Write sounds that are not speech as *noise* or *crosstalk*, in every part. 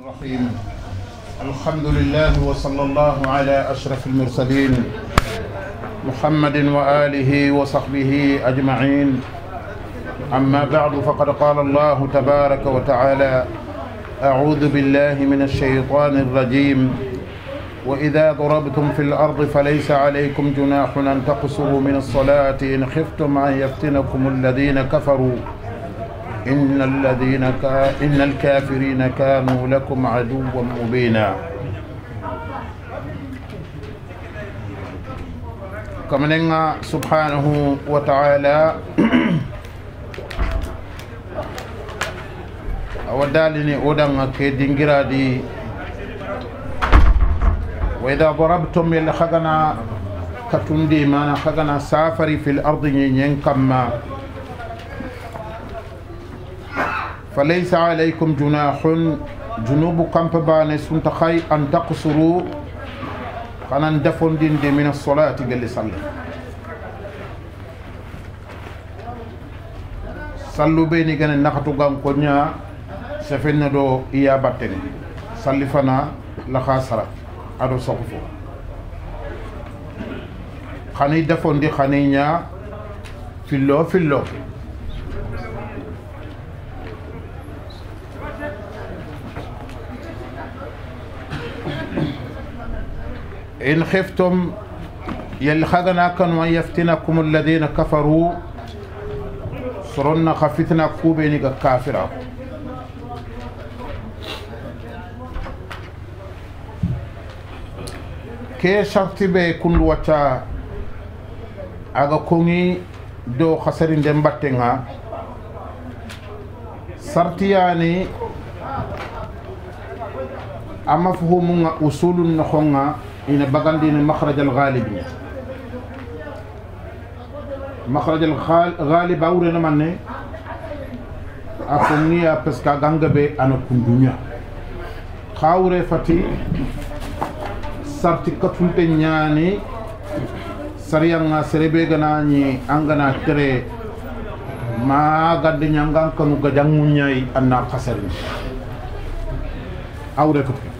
الرحيم الحمد لله وصلى الله على أشرف المرسلين محمد وآله وصحبه أجمعين أما بعد فقد قال الله تبارك وتعالى أعوذ بالله من الشيطان الرجيم وإذا ضربتم في الأرض فليس عليكم جناح أن تقصروا من الصلاة إن خفتم أن يفتنكم الذين كفروا إن الذين كا إن الكافرين كانوا لكم عدوا مبينا كما نعم سبحانه وتعالى *clears throat* ودالني أودان كدينجرا دي وإذا ضربتم يلي خغنا كتندي مانا خغنا سافري في الأرض ينكما فليس عليكم جناح جنوب كمببان سنتخي أن تقصروا خنان دفن دين دي من الصلاة قال صلى صلوا بيني كان نخطو غان كونيا سفن دو إيا باتن صلي فنا لخا سرق أدو صغفو خاني دفن دي خاني نيا فيلو فيلو إن خفتم يلي خذنا كان وأن يفتنكم الذين كفروا صرنا خفتنا كوبيني كافرة كي شرطي بي كن وتا أغا كوني دو خسرين دم باتنها سرطياني أما فهمنا أصول نخونا ina bagandini makhraj alghalibi makhraj alghalib ghalib awre na manne parce que peska ganga be ana dunya khawre fati sarti katunte ñaani sariyanga serebe gana ni angana tere ma gadde ñangan kanu gajangmuñayi anna khasarin awre fati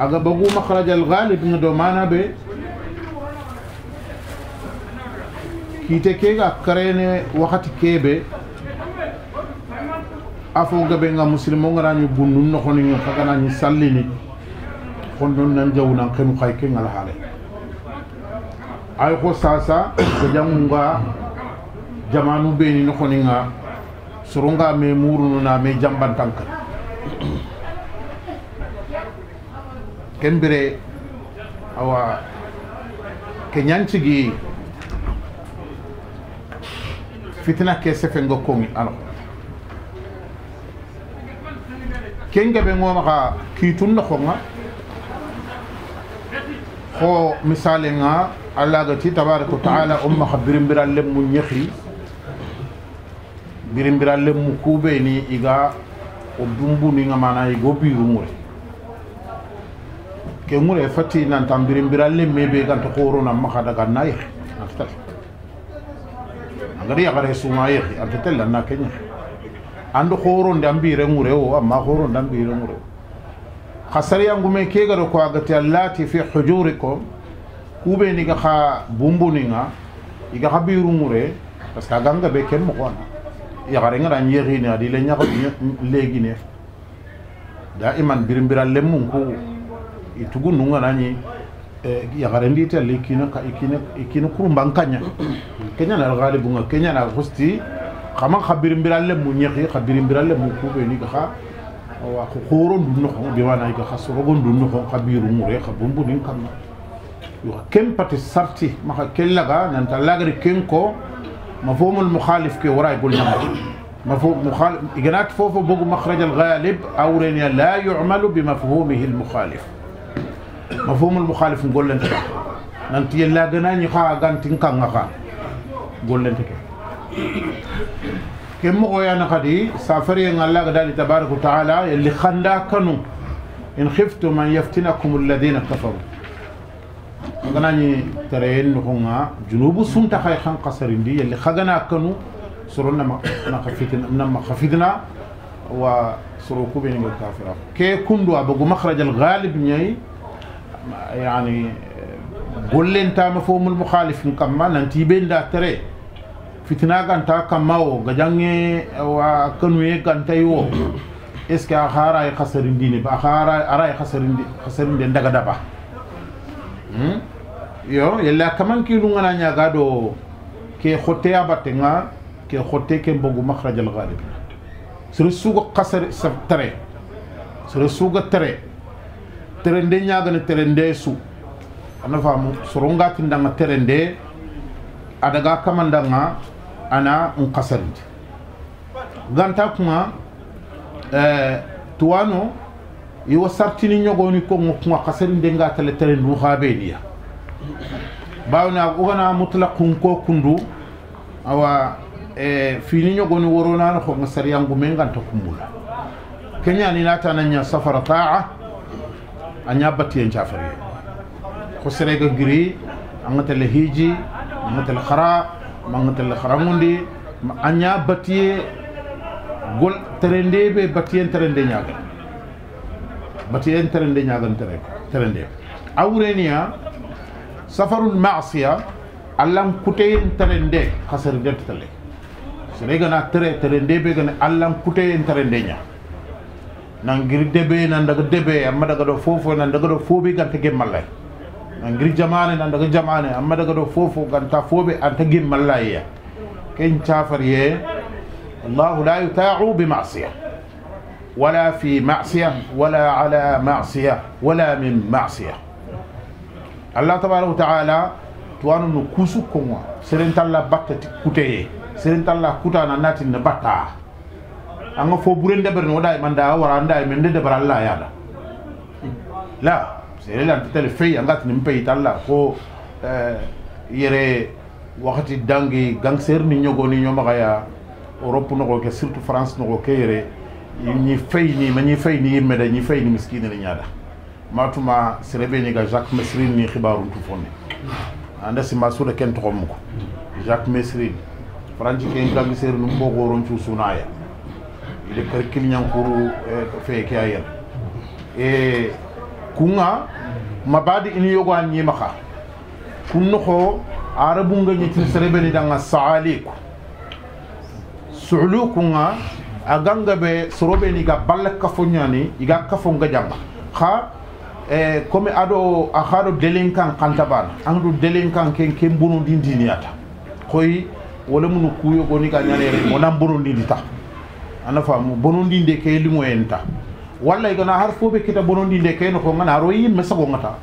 aga bagu مخرج الغالب ndo mana be kite ke ga karene wakati kebe afo gabe nga muslimo ngarani bunnu no khoni nga kagana ni sallini kondon nan jawna kenu khay ke ngal hale ay ko sasa ga jamunga jamanu be ni no khoni nga surunga me murunu na me jamban tankal ken bire awa kenyanci gi fitina ke sefe ngo kongi ano ken gabe ngoma ka kitun no khonga ko misale nga allah ga ti tabaraka taala umma khabirin biral lem mu nyekhi birin biral lem mu kube ni iga o dumbu ni nga mana igo biru ngure ke ngure fati nan tambirin biralle mebe gan to korona maka daga nayi aftal angari ya gare suma yi aftal lan na kenya ando koron dambire ngure o amma koron dambire ngure khasari yangu me ke garo ko agati allati fi hujurikum kube ni ga kha bumbuni nga iga habiru ngure parce que ganga be kem mo kona ya gare ngara nyeri ni adi le nyako legine daiman birimbiral lemmun ko itugu nunganani yagarendi telle ikina ikina ikina kurumba nkanya kenya na galibu nga kenya na hosti kama khabirin biralle mu nyekhi khabirin biralle ni kha wa khoro dunno ko biwa na ga soro gon dunno ko khabiru mu re khabumbu ni kamna yo kem pati sarti ma ka kella ga nan talagri kenko مفهوم المخالف كي وراي يقول مفهوم مخالف إجنات فوفو بوغ مخرج الغالب أو لا يعمل بمفهومه المخالف مفهوم المخالف نقول لنت نانت يلا غنا ني خا غان تين كان غا نقول لنت كم مو يا نخدي سافر ين الله غدا تبارك وتعالى اللي خندا كنو ان خفتوا من يفتنكم الذين كفروا غنا ني ترين نخونا جنوب سنت خاي خان قصرين دي اللي خغنا كنو سرنا ما نخفتنا من ما خفدنا وسرقوا بين الكافرين كي كندوا ابو مخرج الغالب نيي yani gollentama fo mul mukhalifin kamma nanti ɓe nda tere fitina ganta kamma o gajange wa kanuye gantayi est ce que a xara ye xasarindini a xara araye xasarindi xasarinde ndaga daba yo yella kamankilungana ñaga ɗo ke xotte a ke xotte ke mbogu mahradial galib sere suga xasar tere sere suga terende ñagana terende su ana famu soronga tindanga terende adaga kamandanga ana nkasarindi ganta kuma eh, tuwano iwa sartini ñogoni kongo kuga kasarinde nga tala terendu haɓeniya bawna ogana mutlakun ko kundu awa eh, fini ñogoni woronano konga sariyangume ganta kumbula keñani natananña safara taa anya batiyen chafari khusre ga giri angatel hiji angatel khara mangatel kharamundi anya batiye gol terende be batiyen terende nyaga batiyen terende nyaga terende terende awrenia safarul ma'siya allan kuteyen terende khasar gattale sere gana tere terende be gana allan kuteyen terende nyaga nangiri debe nan daga debe amma daga do fofo nan daga do fobi ganta gemmallay nangiri jamane nan daga jamane amma daga do fofo ganta fobe anta gemmallay ya ken chafar ye الله لا يطاع بمعصية ولا في معصية ولا على معصية ولا من معصية الله تبارك وتعالى توانو نكوسو كونوا سرنتالا باتا كوتيه سرنتالا كوتانا ناتي نباتا anga fo buren da berno da manda waranda men de bara Allah ya da la sere la tele fe anga tin pe italla ko yere wakati dangi gangster ni nyogo ni nyoma kaya europe nogo ke surtout france nogo ke yere ñi fay ni ma ñi fay ni yimme da ñi fay ni miskine ni ñada matuma serebe ni ga jacques mesrine ni xibaru tu fonne anda si masuda ken to ko Jacques Mesrine franci ken gangster num bogo ron tu sunaya ile kiliñankuru feeke a yen e kunga mabadi ini yogo an ñimaxa kun noxo arabunga ñetin serebeni danga saaliku suulu kunga a ganga be sorobeni ga balla kafo ñani iga kafonga jamba xa comme aɗo a xaɗo délinquant kantabana angaɗo délinquant ken ke mbonondindiniyata koy wala munu kuyogoni ga ñanere mona mbonondindita ana de bonondinde ke limoyen ta walla igana har foɓe kita bonondinde keno ko gana aro yimme sagongata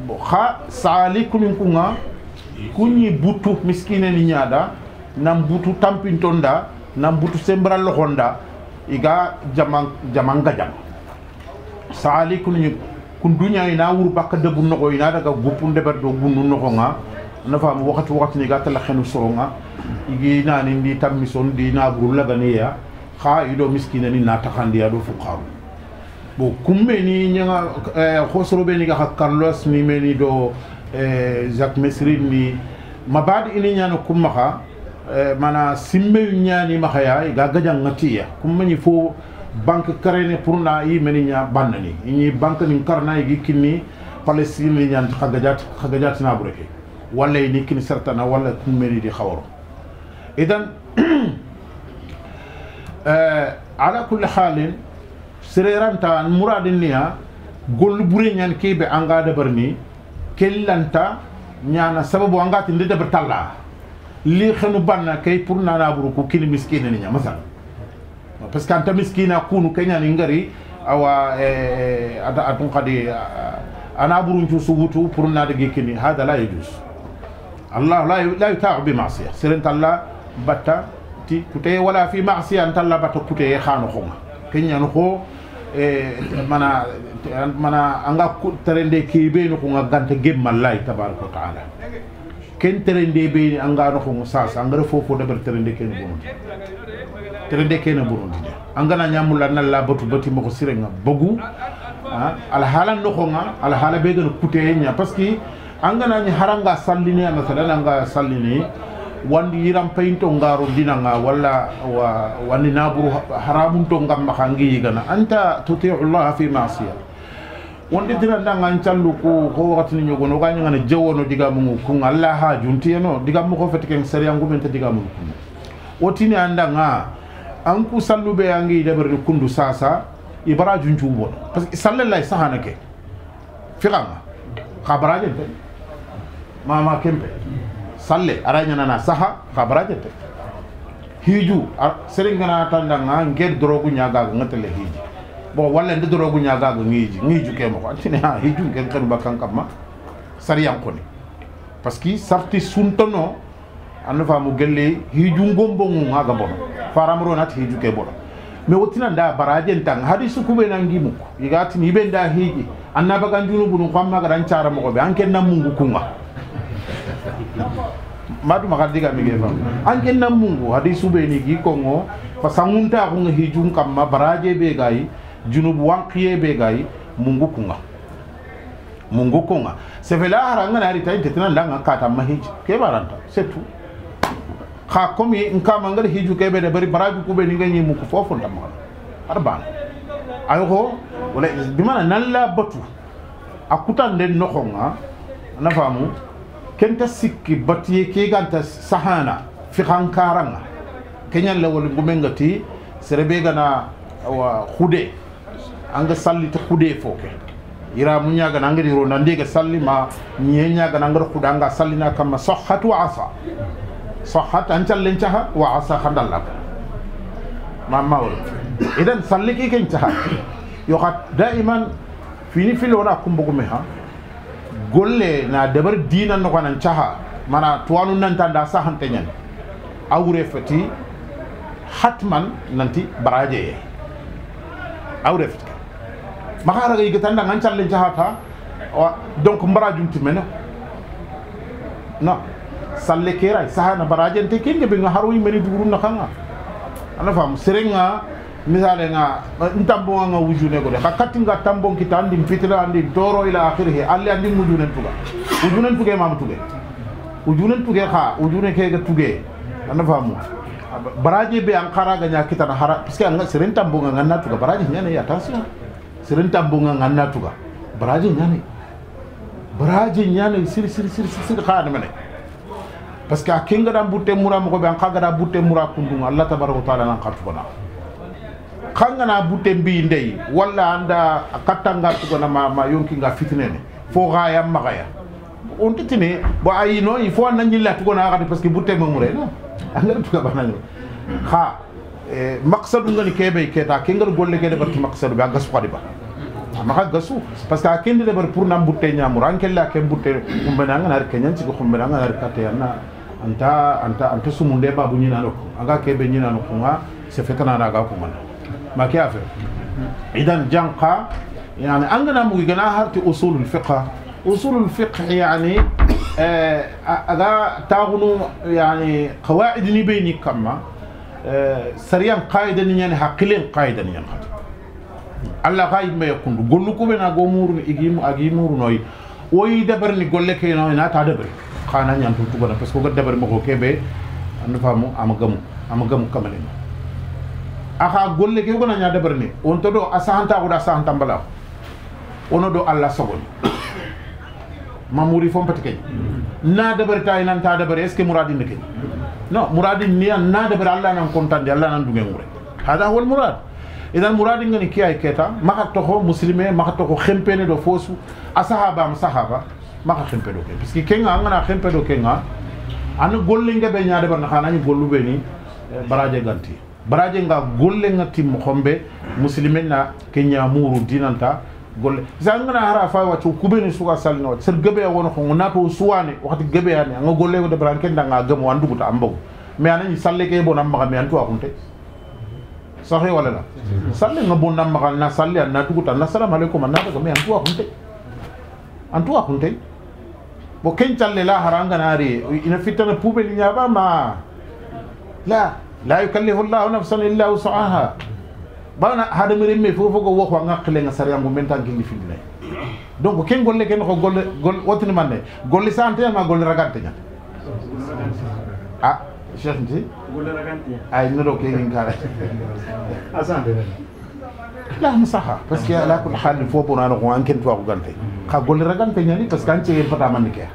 bon ha saali kunga kuñi buttu miskine ni ñaada nan butu tampinton da nan butu sembral loxon iga jaman jaman gajang saali kun duña ina wur bakka debu noxo ina daga guppu ndeɓer do gundu noxonga na mu wakati wakati ni gatal xenu khenu soronga igi nani ndi tammi son di na burulla ya kha ido miskina ni na takandi ado fuqaru bo kumbe ni nyanga eh, khosro be ni ga carlos ni meni do eh, mesri ni ini nyano kumma kha eh, mana simbe nyani ya ga ngati ya, kumma ni fo bank karene pour na yi meni nya banani ni bank ni karna yi kinni palestine ni nyan khagajat khagajat na bureke walla ni kini sertana walla kummeni di khawro idan ala kulli halin sereranta an muradin niya gollu bure ñan kebe anga dabar ni kellanta ñana sababu anga tinde dabar talla li xenu banna kay pour nana buru ku kini miskina ni ñama sa parce que anta miskina kunu kenya ni ngari awa eh, ada atun qadi ana burun cu subutu pour na digi kini hada la yajus الله لا لا يطاع بمعصية سرنت الله بتا تي كتير ولا في معصية أنت الله بتا كتير خانو خم كن ينخو إيه، منا منا أنغا ترند كيبين خم عن تجيب من الله تبارك وتعالى كن ترند بين أنغا نخم ساس أنغا فو فو نبر ترند كن بوند ترند كن بوند جدا أنغا نعمل لنا الله بتو بتي مغسرين بعو على حالنا خم بيدنا كتير يعني بس كي ni haranga sallini ya masalan nanga sallini wandi yiram peinto ngaru dinanga wala wa wani naburu to ngamma kangi gana anta tuti'u allah fi ma'siyah wandi dinanda ngan callu ko ko wakatini ñogono ga ñangana jewono digamungu kun allah ha juntiyeno digamu ko fete ken sariya ngumenta diga kun otini anda andanga an ku be angi dabarde kundu sasa ibara junjubon. par ce que sallallahi sahanake fiqanga xa mama kempe salle arañanana saha ka barajete hiiju serengana tandanga nge drogu ñagaga ngatele hiiji bon walla nde drogu ñagaga ŋiiji ŋiiju ke moko antine ha hiiju ngen kanuba kan kam ma sariyankoni par ce que sarti suntono anno faamu gelle hiiju ngombongu haga bono faramro nati hiiju ke bono mais wotina nda barajen tan hadi sukuɓe nangi mukko yigatini yiɓe nda hiiji annabagan junubu num kammaga ɗan cara mogoɓe anken nan mungu kunga madu makardi kami mige fam Angin kenna mungu hadi sube ni gi kongo fasangunta ko ngi jum kam ma baraje be junub wang be begai mungu kunga mungu kunga sevela fela haranga na hari tadi tetna langa kata mahij, ke baranta setu. kha komi nka mangal hiju ke be de bari baraju ku be ni ngi fofon ko arban ayo ko wala bimana nalla batu akutan den nokonga na famu kenta sikki batiye ke ganta sahana fikan karanga kenyan lawal gumenga ti serebe gana wa khude anga salli ta khude foke ira munya gana anga ro nande ga salli ma nyenya gana anga khuda anga salli na kama sahhat wa asa sahhat an challen chaha wa asa khandalla mamma wol idan salli ki ken chaha yo daiman fini fil wona kumbugo me ha golle na dabar dina no kanan caha mana tuwanu nan ta da sahan tanyan awre fati hatman nanti baraje awre fati maka raga yiga tanda ngan challe caha ta donc mbarajum timena no salle kera saha na te kenge be nga meni dugurun na kanga ana fam serenga misale nga ntambo nga wujune ko de ka katti nga tambo kita andi fitna andi doro ila akhirih alli andi wujune tuga wujune tuge mam tuge wujune tuge kha wujune ke ga tuge anda famu baraje be an kara ganya kita na hara parce que anga seren tambo nga nganna tuga baraje nyane ya tasya seren tambo nga nganna tuga baraje nyane baraje nyane sir sir sir sir sir kha ne parce que akinga dan butte mura mo be an kaga da butte mura kundunga allah tabaraka taala nan kartu bana kangana butte mbi ndey walla anda kattanga tugona ma ma yonkinga fitinene fo gaya magaya on titini bo ayi no il faut anna ñilla tugona xadi parce que butte mamurena angara tuga banaño xa maqsadu ngani keɓey keta ke ngar golle ke deɓarti maqsadu ɓe gasu xadi ba amaxa gasu parce que a kendi deɓar pour na butte ñamur an kella ken butte xumbene anganar keñancigi xumbene anganar kateyanna anta anta anta sumunde babu ñinano anga keɓe ñinano kunga se fetananaga kungana ما كافر إذا جنقا يعني أننا مجنا هرتي أصول الفقه أصول الفقه يعني هذا آه، تاغنو يعني قواعد نبيني كما آه سريان قاعدة نيان يعني حقلين قاعدة يعني الله غايب ما يكون قلوكو بنا قومور إجيمو أجيمور نوي وي دبر ني قول لك نوي ناتا يعني دبر خانا نيان تو بنا بس كو دبر مغو كيبي فامو أما قمو أما قمو كمالين aka golle ke gona ña debarni on to do asahanta guda asahanta mbala ono do alla sogoni mamuri fompati kay na debar tay nan ta debar est ce que muradi ne kay non muradi ni na debar alla nan kontande alla nan dungen ngure hada huwa murad idan muradi ngani kiyai keta maka to ho muslime maka to ko do fosu asahaba am sahaba maka khempe do kay parce que kenga ngana khempe do kenga an golle ngabe ñade bar xana ñu gollu be baraje ganti baraje nga golle nga timmo hombe muslimen na ke ñamuru dinanta golle sangana hara fa wacco kuɓeni suka salni wacce sed geɓe wona ko nato suwane wakkati geɓe ani anga golle ko debran kenda nga gemo anduguta ambago mais anañi salle ke bon ammaga mais antuwa kunte sahe wala la salle nga bon ammaga na salle an natuguta na salam aleykum an nataga mais antuwa kunte antuwa kunte bo ken calle la hara angana ari ina fittana puɓeli ñaɓama la لا يكلف الله نفسا الا وسعها بانا هذا مريم فوفو كو وخو nga خلي nga سريان بو مينتان كيلي في لي دونك كين غول لكن خو غول غول واتني مان غول سانتي ما غول راغانتي *laughs* اه شيخ نتي غول راغانتي اي نورو كين غار *laughs* اسانتي آه، لا مصحا بس كي على كل حال فوبو نانو غوان كين فوبو غانتي خا غول راغانتي ناني يعني، بس كان تي فتا مان كي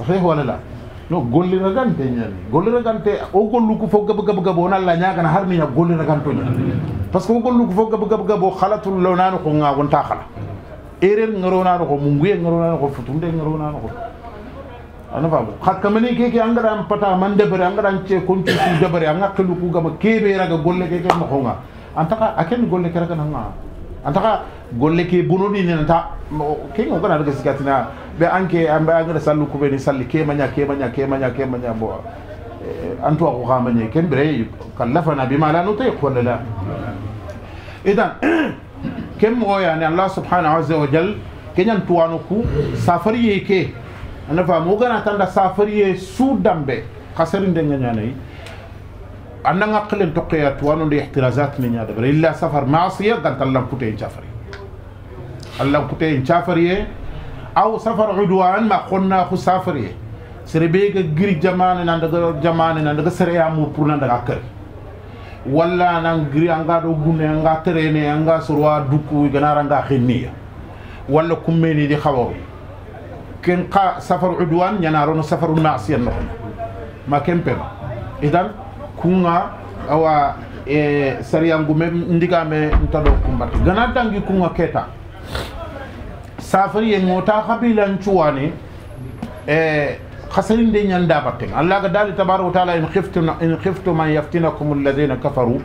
صحيح ولا لا no golli ragante ñami golli ragante o gollugu fo gaba gaba gabo on alla ñagana har miña golli ragantoña par ce que o gollugu fo gaba gaba gabo halatul lawnano ko ga wonta hala erreur garonano ko munguye garonano ko futunde garonano ko ana faamu hakkamani keke angaɗan pata man debere angaɗan ce koncusu debere an hakkilu kugama keɓe raga golle keke noxonga an taxa a ken golle ke raga nanga antaka golle ke bononi ne nta ke ngo kana daga sikatina be anke amba angara sallu kube ni salli ke manya ke manya ke manya ke manya bo antu ko ga manya ken bere kallafana bima la nutiq wala la idan ken mo ya ne allah subhanahu wa jal kenyan tuwanu ku safari yake anafa mo gana tanda safari su dambe kasarin denga nyanai أنا أقل نعم التقية توان الاحترازات من هذا بري إلا سفر معصية دان تلم كتين شافري اللهم كتين شافري أو سفر عدوان ما قلنا خو سافري سربيك غري جمان نندغ جمان نندغ سريا مو بور نندغ أكر ولا نان نعم غري أنغا دوغون أنغا تريني أنغا سروا دوكو غنار أنغا خنية ولا كميني دي خبوي كن قا سفر عدوان ينارون سفر معصية نحن ما كم بينا إذن kunga awa e sariyangu me ndigame ntado kumbati gana dangi kunga keta safari ye ngota kabilan cuwani e خسرين دين يندا باتين الله قال تبارك وتعالى إن خفتم إن خفتم أن يفتنكم الذين كفروا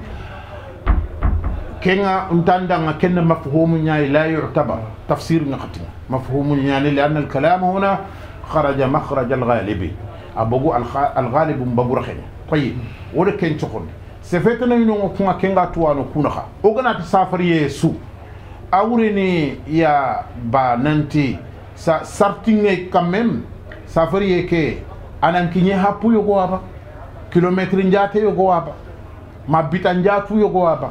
كنا نتندع كنا مفهوم يعني لا يعتبر تفسير نقطي مفهوم يعني لأن الكلام هنا خرج مخرج الغالب أبوغو الغالب ببرخني tayyib o de ken cogondi sefetene ñogo kunga kenga tuwano kunaxa o ganati safariye su a wurini ya ba nanti sa sartinge quand même safariye ke anan pu happu yogo aba kilométre njate yogo aba ma bita njatu yogo aba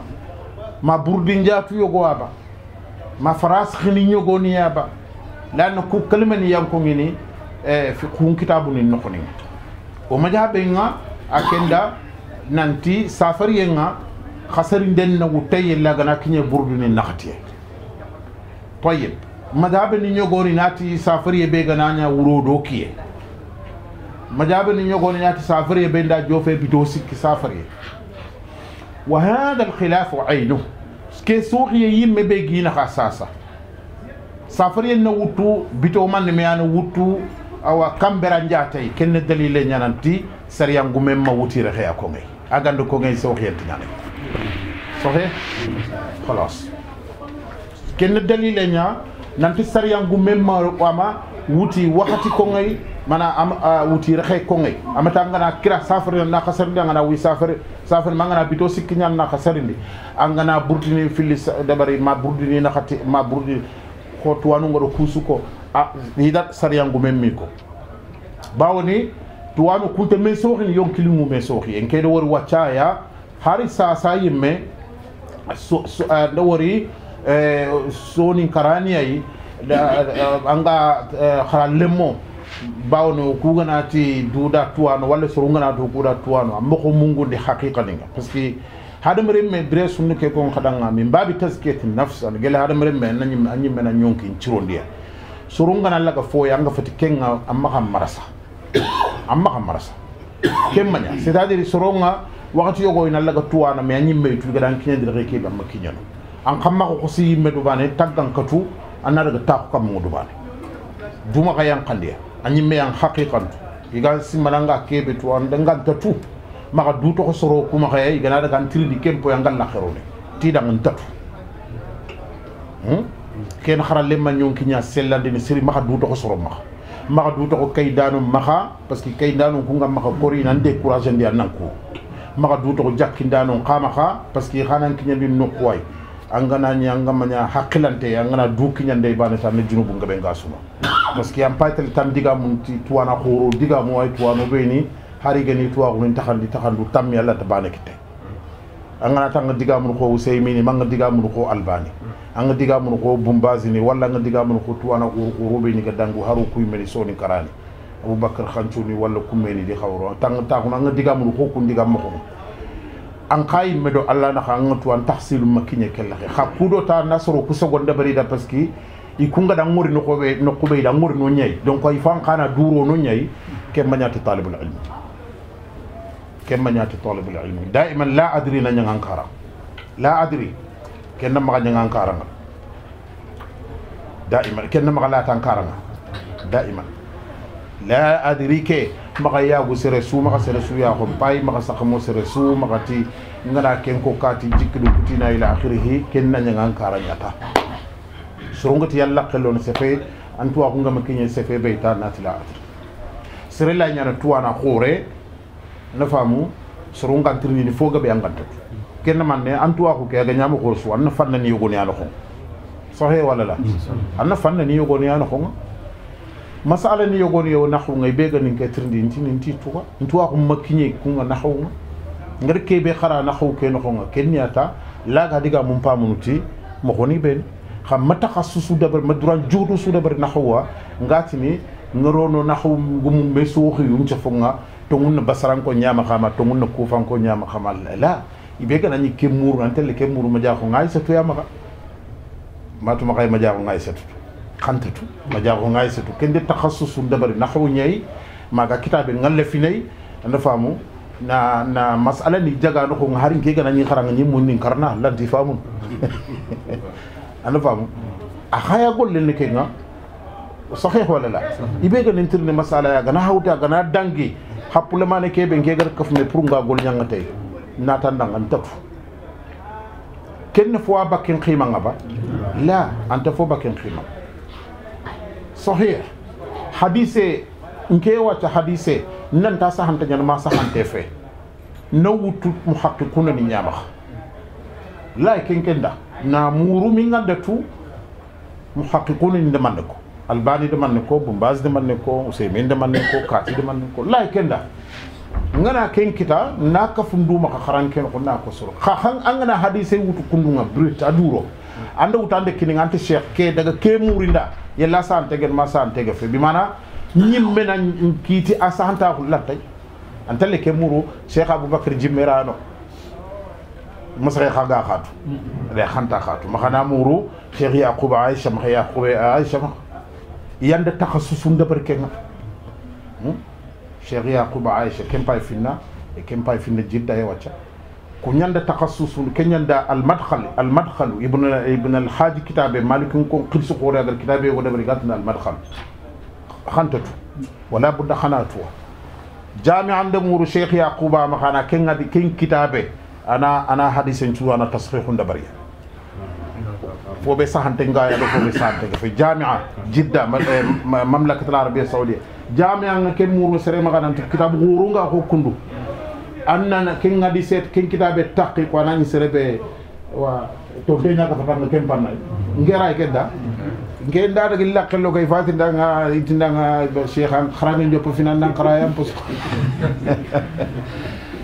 ma burdi njatu yogo aba ma faras xini ñogoni aba lanna ku kalimani yankongini eh, fi kun kitabu ni noxoninga o majaɓe nga akenda nanti safariyenga khasarinden nagu tayella gana kiñe burdune nakhatiye tayib madabe ni ñogoni naati safariye be ganaña wuro do kiye madabe ni ñogoni naati safariye be nda jofe bito sikki safariye wa hada alkhilafu aynu ke suuxiye yimme be giina xa sasa safariye na wuttu bito manne meyana wuttu awa kambera njatay kenne dalile ñananti yang gume ma wutire xeya ko ngay agandu ko ngay so xiyenti ñanay soxe khalas kenne dalile nanti yang gume ma wama wuti wakati ko ngay mana am uh, wuti xe ko ngay amata ngana kira safare na khasar ndi ngana wi safare safare mangana bito sikki ñan na ndi angana burdini filis dabari ma burdini na khati ma burdini ko tuwanu ngoro kusuko hidat ah, sariyangu men mi ko bawoni tuwano kulte men sohini yonkilimu men sohi en kede wori waccaya hari sasa yimme eh, nde wori eh, sonin karaniyayi eh, anga xara hara lemmo bawno kuganati duuda tuwano walla sorunganati kuuda tuwano amma ko mungude haqiqaninga par parce que hadamaren me bire sunni ke kon haɗanga min mbawi taskiyati nafs gele hadam hadamaren me anañimmena ñonki cirodiya surungana laga foya anga foti kenga amma kam marasa amma kam marasa kemmanya c'est à dire soronga wakati yogo ina laga tuwana me anyimme tu gadan kinya dire ke bamma kinyano an kamma ko si yimme do bane taggan katu anna daga ta ko kam do bane duma ga yan kandiya anyimme yan haqiqan iga simananga kebe tu an danga tatu maka du to soro kuma kaya iga na daga antiri di kempo yang gal lakhirone tidang tatu hmm ken xara lemma ñon kiña sellande ni siri maxa duto ko soro maxa maxa duto ko kay danu maxa parce que kay danu ku nga maxa kori nan décourager ndi nan ko maxa duto ko jakki danu xama xa parce que xanan kiña bi no koy angana ñi angama ña hakkilante angana du kiña ndey bana sa ne junubu ngabe nga suma parce que am paitel tan diga mun ti tuwana xoro diga mo ay tuwano be ni hari gani tuwa ko min taxandi taxandu tam yalla tabana kitte angana tanga diga mun ko useymi ni manga diga mun ko albani anga diga mun ko bumbazi ni walla anga diga mun ko tuwana ko robe ni gadangu haru kuy meni soni karani abubakar khancuni walla kumeni di khawro tang ta ko anga diga mun ko kun diga mako an kay medo alla na anga tuwan tahsilu makinye kella kha kudo ta nasro kusogonda bari da paski i kunga da ngori no kobe no kobe da ngori no nyai donc ay fan kana duro no nyai ke manyati talibul ilmi ke manyati talibul ilmi daiman la adri na nyang ankara la adri kenna maga ñangan karanga daiman kenna maga latan karanga daiman la adri ke maga yagu sere su maga sere su ya xom pay maga sakamo sere su maga ti ngana ken ko kati jikkidu kutina ila akhirihi kenna ñangan karanga ta surungati yalla qellon sefe an tuwa ko ngam kenye sefe beyta natila adri sere la ñana tuwana khore na famu surunga tirni ni foga be angantatu kenna manne antuwa ko ke aga ñama ko su anna fanna ni yogoni ano xon sahe wala la anna fanna ni yogoni ano xon masala ni yogoni yo naxu ngay bega nin ke trindi nti nin ti tuwa ntuwa ko makinye ku nga naxu nga ngar ke be khara naxu ke no xon ken yata la ga diga mum pa munuti mo xoni ben xam mata khassusu dabar maduran judu su dabar naxuwa ngatini ngarono naxu gum be soxi yum ci fonga to ngun basaran ko ñama xama to ngun ko fan ko ñama xamal la ibe gana ni ke muru nan telle ke muru ma jaxo ngay setu ya maka matu ma kay ma jaxo ngay setu khantatu ma jaxo ngay setu kende takhassusu dabari nahwu nyai maga kitabe ngalle finay anda famu na na masala ni jaga no ko harin ke gana ni kharanga ni mun ni karna lanti famu anda famu a khaya golle ni ke nga صحيح ولا لا يبقى ننتر مسألة يا جنا هاوتي يا جنا دانجي حبوا لما نكيب نكيب كفن برونا قول يانغتي natandangan tatu ken fo bakin qima ngaba la anta fo bakin qima sahih hadise nke wata hadise nan ta sahanta nyana ma sahante fe na wutu muhakkikuna ni nyama la ken kenda na muru min ngada tu muhakkikuna ni demande ko albani demande ko bumbaz demande ko usaymin demande ko kati demande ko la kenda ngana ken kita na ka fundu maka kharan ken ko na ko soro angana hadise wutu kundunga brut aduro anda utande kini ante cheikh ke daga ke murinda yalla san tegen ma san tege fe bi nyimme na kiti asanta ko lattay antale ke muru cheikh abubakar jimmerano masre khaga khatu re khanta khatu makana muru cheikh yaqub aisha ma yaqub aisha yanda takhassusun da barkenga شيخ يعقوب عائشة كم باي فينا كم باي فينا جدة يا وجه كنيان ده تخصص كنيان ده المدخل المدخل ابن ابن الحاج كتاب مالك كون قدس قوري هذا الكتاب ولا بريغاتنا المدخل خانتو ولا بد خاناتو جامع عند مور شيخ يعقوب ما خانا كين غادي كين كتاب انا انا حديث شو انا تصحيح دبريه فوبي سانتي غايا فوبي سانتي في جامعه جده مملكه العربيه السعوديه jame anga ken muru sere magananta kitabu gurunga ko kundu annana ken ngadi set ken kitabe takki ko anani sere be wa to de nyaka fatanga ken panna ngera ke da ngeen da daga lakallo kay fati danga itindanga sheikh an kharani jopo finan dan qarayam pos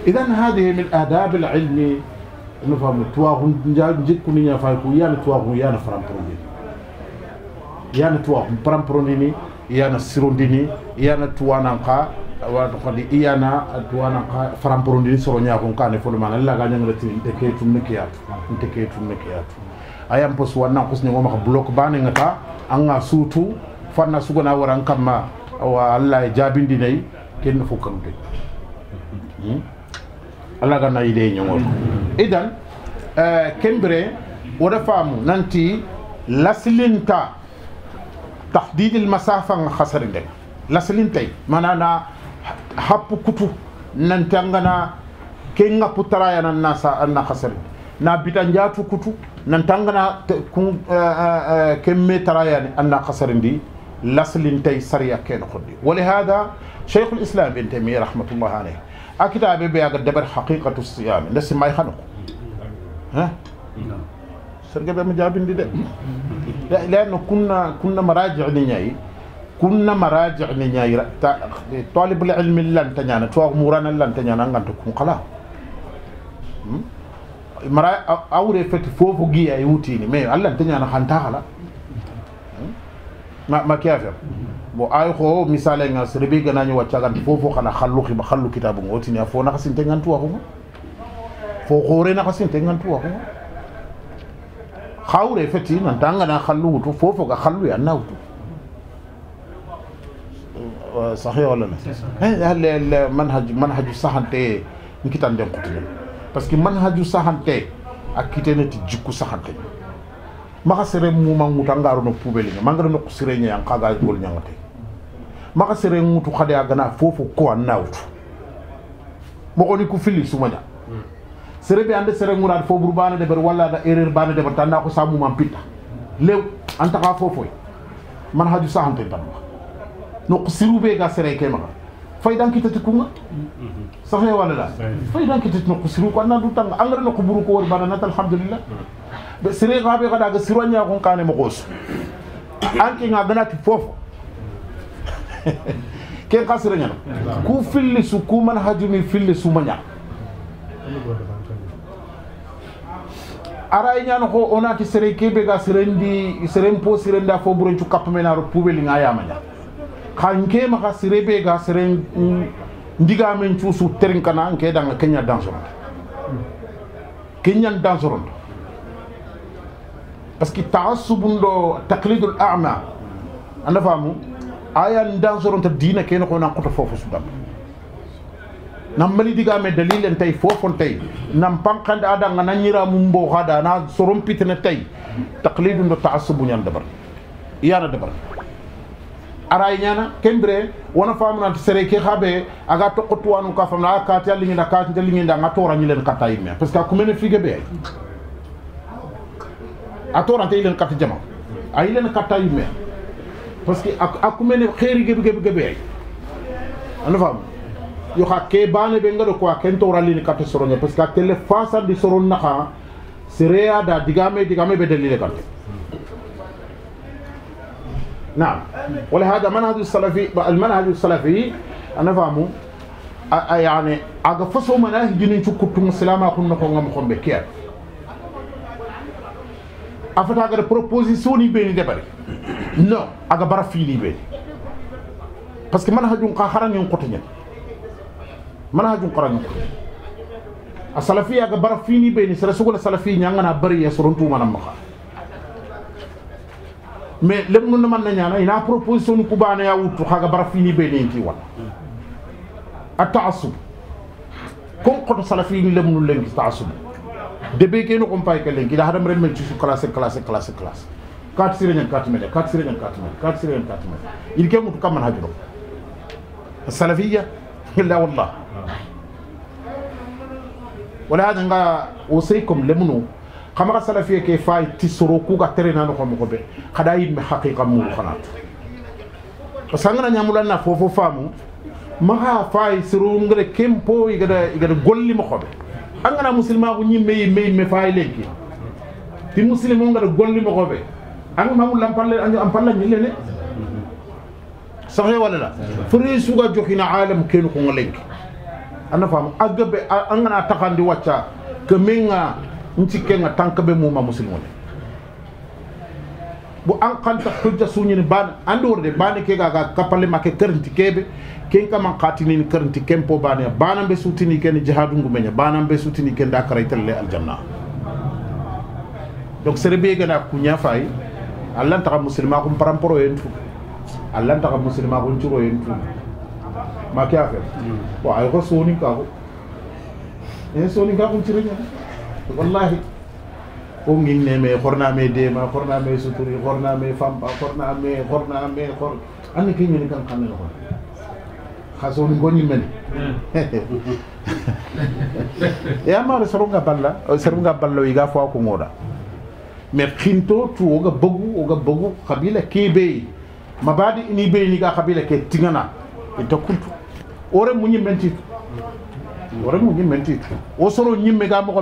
idan hadhihi min adab al ilmi nufam tuwaxu jikkuni ñafay ku yana tuwaxu yana faramproni yana tuwaxu paramproni ni iana sirondini iana tuananka kadi iyana tuwananka faramporondini soro ñakon kane folomana laga ñangrati nte ke tumne keyatu nte ke tumne keyatu ayam pos wannan kusñogomaka bloc banengata anga surtout fanna sugana waran kamma awa allah e jaabindinayi kenno fof kam de allah ganna yiide ñogoto idan kembre woɗa faamu nanti laslinta tahdidil masafa nga khasarinde lasilintay manana happu kutu nantangana ke ngappu tarayana nasa anna khasarinde na bita njatu kutu nantangana ke me tarayani anna khasarindi lasilintay sariya ken khuddi ولهذا شيخ الاسلام ابن تيميه رحمه الله عليه اكتاب بيا دبر حقيقه الصيام نسي ما يخنق ها serge ɓe ma jaabindi de لأنه كنا كنا مراجع نياي كنا مراجع نياي طالب العلم لن تنانا تو مورانا لن تنانا غانت كون خلا مرا اوري فت فوفو جي اي وتيني مي الله تنانا خانتا خلا ما ما كيافم bo ay ko misale nga serbe ganani wacca gan fofo kana khallu khiba khallu kitabu ngotini afo na khasin tengantu wa ko fo khore na khasin tengantu wa ko khawre feti nanta angana khallu wutu fofo ga khallu ya na wutu صحيح ولا لا؟ هل المنهج منهج سحنتي نكيت عندهم قتلين parce que manhaju sahante akitene ti jikku sahante maka sere mu mangu tangaro no pubeli mangaro no kusire nya yang kaga gol nya ngate maka sere ngutu khade agana fofo ko annawtu mo ko ni ku fili sumanya serebe ande sere ngurad fo burbane de ber wala da erreur bana de ber tanna ko samu man pita lew anta ka fofoy man haju sa tan wa no qsiru be ga sere ke ma fay dan kitati kunga sa fay wala la fay dan kitati no qsiru ko anna du tan allah no buru ko war bana nat alhamdulillah be sere ga ga siru nya ko kane mo kos anki nga gana ti fofo ken qasira nya ku filli su ku man haju mi filli su manya ara ñan ho onati sere kebe ga serendi seren po serenda fo buru cu kap mena ro pubeli nga yama nya kan ke ma ga serebe ga seren ndiga men cu su terin kana da nga kenya dansoron kenya dansoron parce que ta'assubun do taqlidul a'ma anda famu ayan dansoron ta dina ken ko na ko to fofu sudam nan mali diga me en tay fofon tay nam pankande ada nga nanyira mum bo hada na sorom pitne tay taqlidun wa ta'assub nyan iya dabar yana dabar aray nyana kembre wona nan sere ke khabe aga tokotu wanu ka famna ka ta lingi da ka ta lingi da ngatora nyilen katay ya. me parce que kumene fige be atora tay len kat jama ay len katay ya. me parce que akumene khairi gebe gebe gebe ana famu yo xa ke bane ɓe ngaɗo quoi ken toralini kate soroñe parce que a tele fasandi soron naxa sereya da digame digame ɓe delile kante نعم ولهذا منهج السلفي المنهج السلفي انا فاهمه يعني اغفصوا مناهج نشكتم السلام اكون نكون مخم بكيا افتا غير بروبوزيسيون بين دبري نو اغا برا فيلي بين باسكو منهج قهرن ينقطني manhajun qur'an as-salafiyya ga bara fini be ni sara sugula salafi nyanga na bari ya surun tu manam makha mais lem nu man na nyana ina proposition ku bana ya wutu haga bara fini be ni ti wa at-ta'assub kon ko salafi ni lem nu lengi ta'assub de be ke no kon pay ke lengi da hadam ren men ci su classe classe classe classe 4 سيرين nyen 4 mede 4 sire nyen 4 mede 4 sire nyen 4 mede il ke mutu kam manhajun as-salafiyya wala hada nga usaykum lemnu kama salafiye ke fay tisoro ku ga tere nan ko mo be kada yim haqiqa mu khalat sangana nyamulan na fofo famu ma ha fay siru ngre kempo igada igada golli mo khobe angana muslima ko nyimme yimme yimme fay lenki ti muslimo ngada golli mo khobe ang mamu lampalle am palla nyille ne sahe wala la furi suga jokina alam ken ko ngolenki ana fam agbe, angana takandi wacha ke minga nti nga tankabe mu ma muslimone bu an kanta hujja suñini ban de de, ke ga kapale make kernti kebe ken kama katini ni kernti kempo bani banam be sutini ken jihadu ngumenya bana be sutini ken da karaitelle aljanna donc be gana kunya fay allah ta muslima ko paramporo tu allah ta muslima kum en tu ma eh, mm. make a fel bon ay ko sownin kako e sownin kakum ciriña wallahi o ginne me horname xorna horname suturi horname fampa horname horname hor anni ke ñini kan xamene hon xa sownin ko ñil mene e amare saronga balla ballo balla ga fo ko kumoɗa me xinto tu ga bogu oga bogu xabila ke beyi mabadi ini ni ga xabila ke tingana ita kuntu ore munyi mentitu ore munyi mentitu osoro nyimme ga mo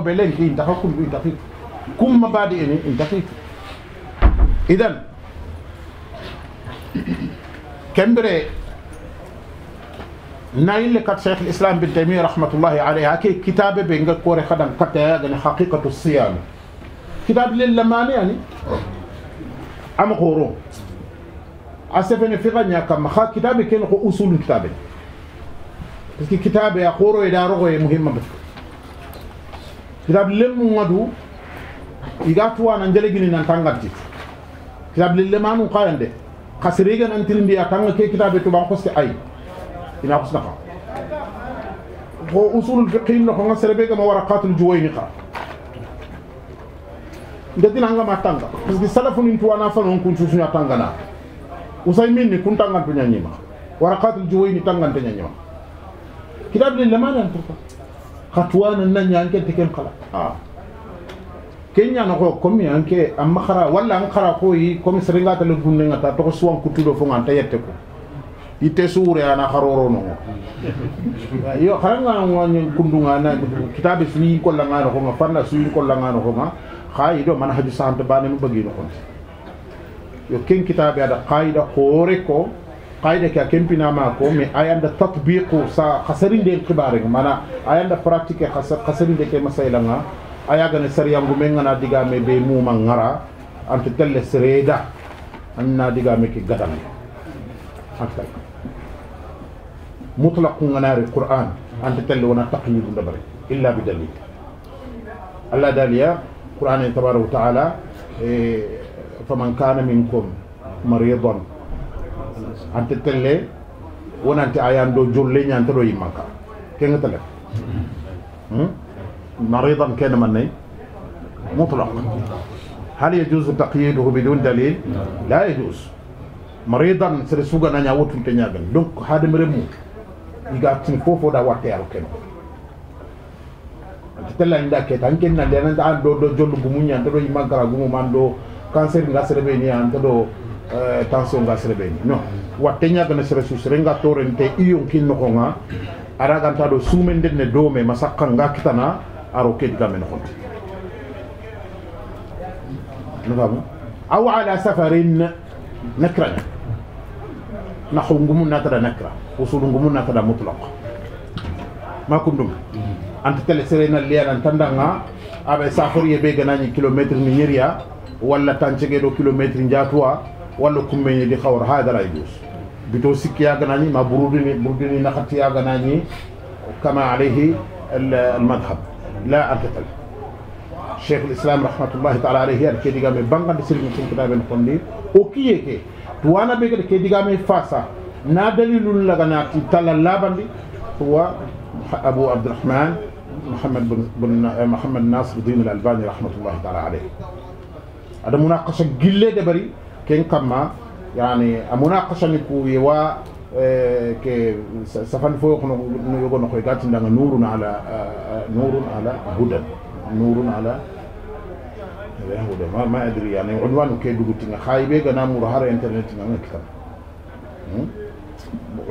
parce que kitabe a khoro e daro e muhimma bat kitab lemu ngadu igatu wana njelegini nan tangati kitab lillemanu qayande khasiriga nan tilmbi atanga ke kitabe to ban khoste ay ina khosna ka ko usulul fiqh no ko ngasere be kama waraqatul juwayniqa ndati nanga matanga parce que salafun intu wana fa non kuntu sunya tangana usaymin ni kuntanga tunyanyima waraqatul juwayni tanganta nyanyima kitabe le manan pourquoi khatwana nan yan ken teken kala ah kenya no ko komi anke amma khara walla an khara ko yi komi seringa ta le gunne ngata to ko suwan kutudo fo nganta yette ko ite suure ana haroro no yo haranga ngonyo kundunga na kitabe suni ko la ngano ko ma fanna suni ko la ngano ko ma khayi do man haju sante bane mu bagi no kon yo ken kitabe ada qaida hore ko قاعدة كا كاكمبنا معكم أيام التطبيق سا خسرين دين كبارين مانا أيام خسر خسرين دين مسائلنا أيام السريان غمينا ديغا مي بي مو مانغرا أنت تل سريدا أن ديغا مي كي غدان أكثر مطلق نار القرآن أنت تل ونا تقييد دبر إلا بدليل الله داليا قرآن تبارك وتعالى إيه، فمن كان منكم مريضا ante telle wonante ayan do jolle ñante ɗo yimmanka kenga tele maridan kene man nayi mutlaq hal yajuz taqyiduhu bidun dalil la yajuz maridan sere suga na suganaña te ñagan donc hademere meremu iga tin fofo da watte yaro ken ante telle añda keta an kennande ananda an ɗo ɗo jollugu muñante ɗo yimmankara gumu man do cancer nga serebe ni ante ɗo tension ga sere ɓeni non watte ñagana sere su serenga torente iyon kin noxonga ara ganta ɗo suumen nden ne doome ma sakkanga kitana aro ke diga men xonte no famu aw ala safarin nakrana naxu ngumu natada nakra usulu ngumu natada mutlaq ma kundum anta tele serena liyana tandanga aɓe saforiye ɓe ganañi kilométre ni ñeriya walla tan cegeɗo kilométre njatuwa walla kummeñi di xawra ha gara juus bito sikkiya ganañi ma burudini burudini nakhatiya ganañi kama alayhi almadhab la antatal cheikh l'islam rahmatullahi taala alayhi aɗa keedigame bangande sirgi tum kitaben konndi o kiye ke tuwana ɓe kede keedigame fasa na dalilul laganati talla labandi huwa abou abdourahman محمد بن, بن محمد ناصر الدين الألباني رحمة الله تعالى عليه هذا مناقشة قلة دبري كين كما يعني مناقشه نكو يوا ke safan fo kono no yogo no koy gatti ndanga nurun ala nurun ala huda nurun ala be huda ma ma adri yani unwanu ke duguti nga khaybe gana mur har internet nga ngak tam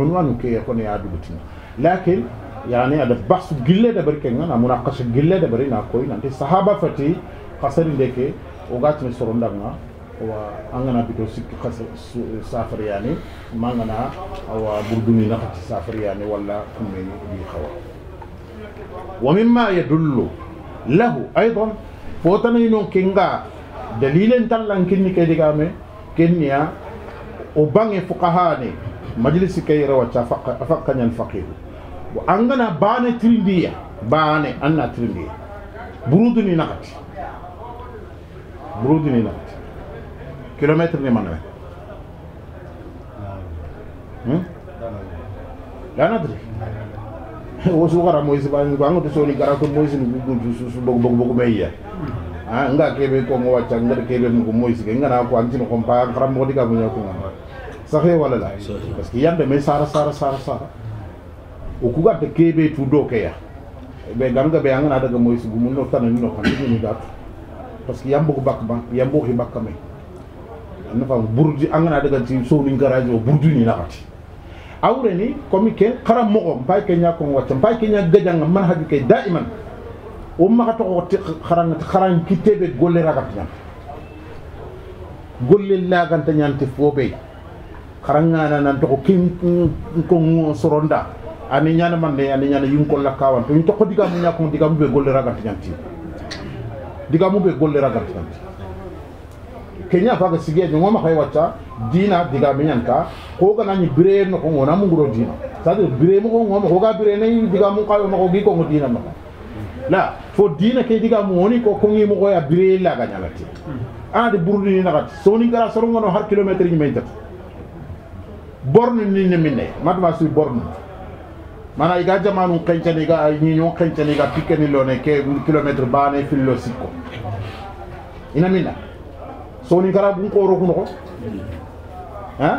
unwanu ke kono ya duguti lakin yani ada bahsu gille da barke nga na munaqasha gille da bari na koy nanti sahaba fati qasari ndeke o gatti mi soronda nga wa angana bito sikki khasa yani mangana awa burdumi na safari yani wala kumeni bi khawa wa mimma yadullu lahu aidan fotana non kinga dalilen tallan kinni ke digame kinniya o bangi fuqahani majlisi kayra wa tafaqa al faqih wa angana bane trindiya bane anna trindiya buruduni nakati buruduni nakati kilometer ni mana? hmm? la *laughs* nadri oh, wosu gara moisi bani bango itu soli gara to moisi ni gugu su su bog bog bog meya ah nga kebe ko mo wacha ngar kebe mo ko moisi ke ngana ko antino ko pa kram mo diga bunya ko sahe wala la parce que yande me sara sara sara sara o ku gatte kebe tu do ke ya be ganga be angana gumun no tan ni no kan ni dat parce que yambo ko kian yambo hi kami nafam burdi angana daga ti sowni garage o burduni nakati ni komi ken karam mogo mpay kenya ko wacca mpay kenya gajanga man haju ke daiman o maga to kharan kharan tebe golle ragat nyam golle lagan nyanti fobe na nan to kin ko soronda ani nyana man de ani nyana yum ko lakawan to to diga digam nyako diga be golle ragat nyanti diga be golle ragat nyanti kenya fa ga sige ni ngoma kay wacha dina diga menyanta ko ga nani bire no ko ngona mu ngoro dina sa de bire mo ko ngoma ko ga bire ne diga mu kayo no ko gi ko dina ma la fo dina ke diga mu woni ko ko ngi mo ko ya bire la ga nyalati a de burdu ni nakat so ni gara soro ngono har kilometre ni meita borne ni ne minne matma su borne mana iga jamanu kencani ga ñiño kencani ga pikkani lone ke kilometre bane fillo sikko ina minna soni kara bun koro kun ko ha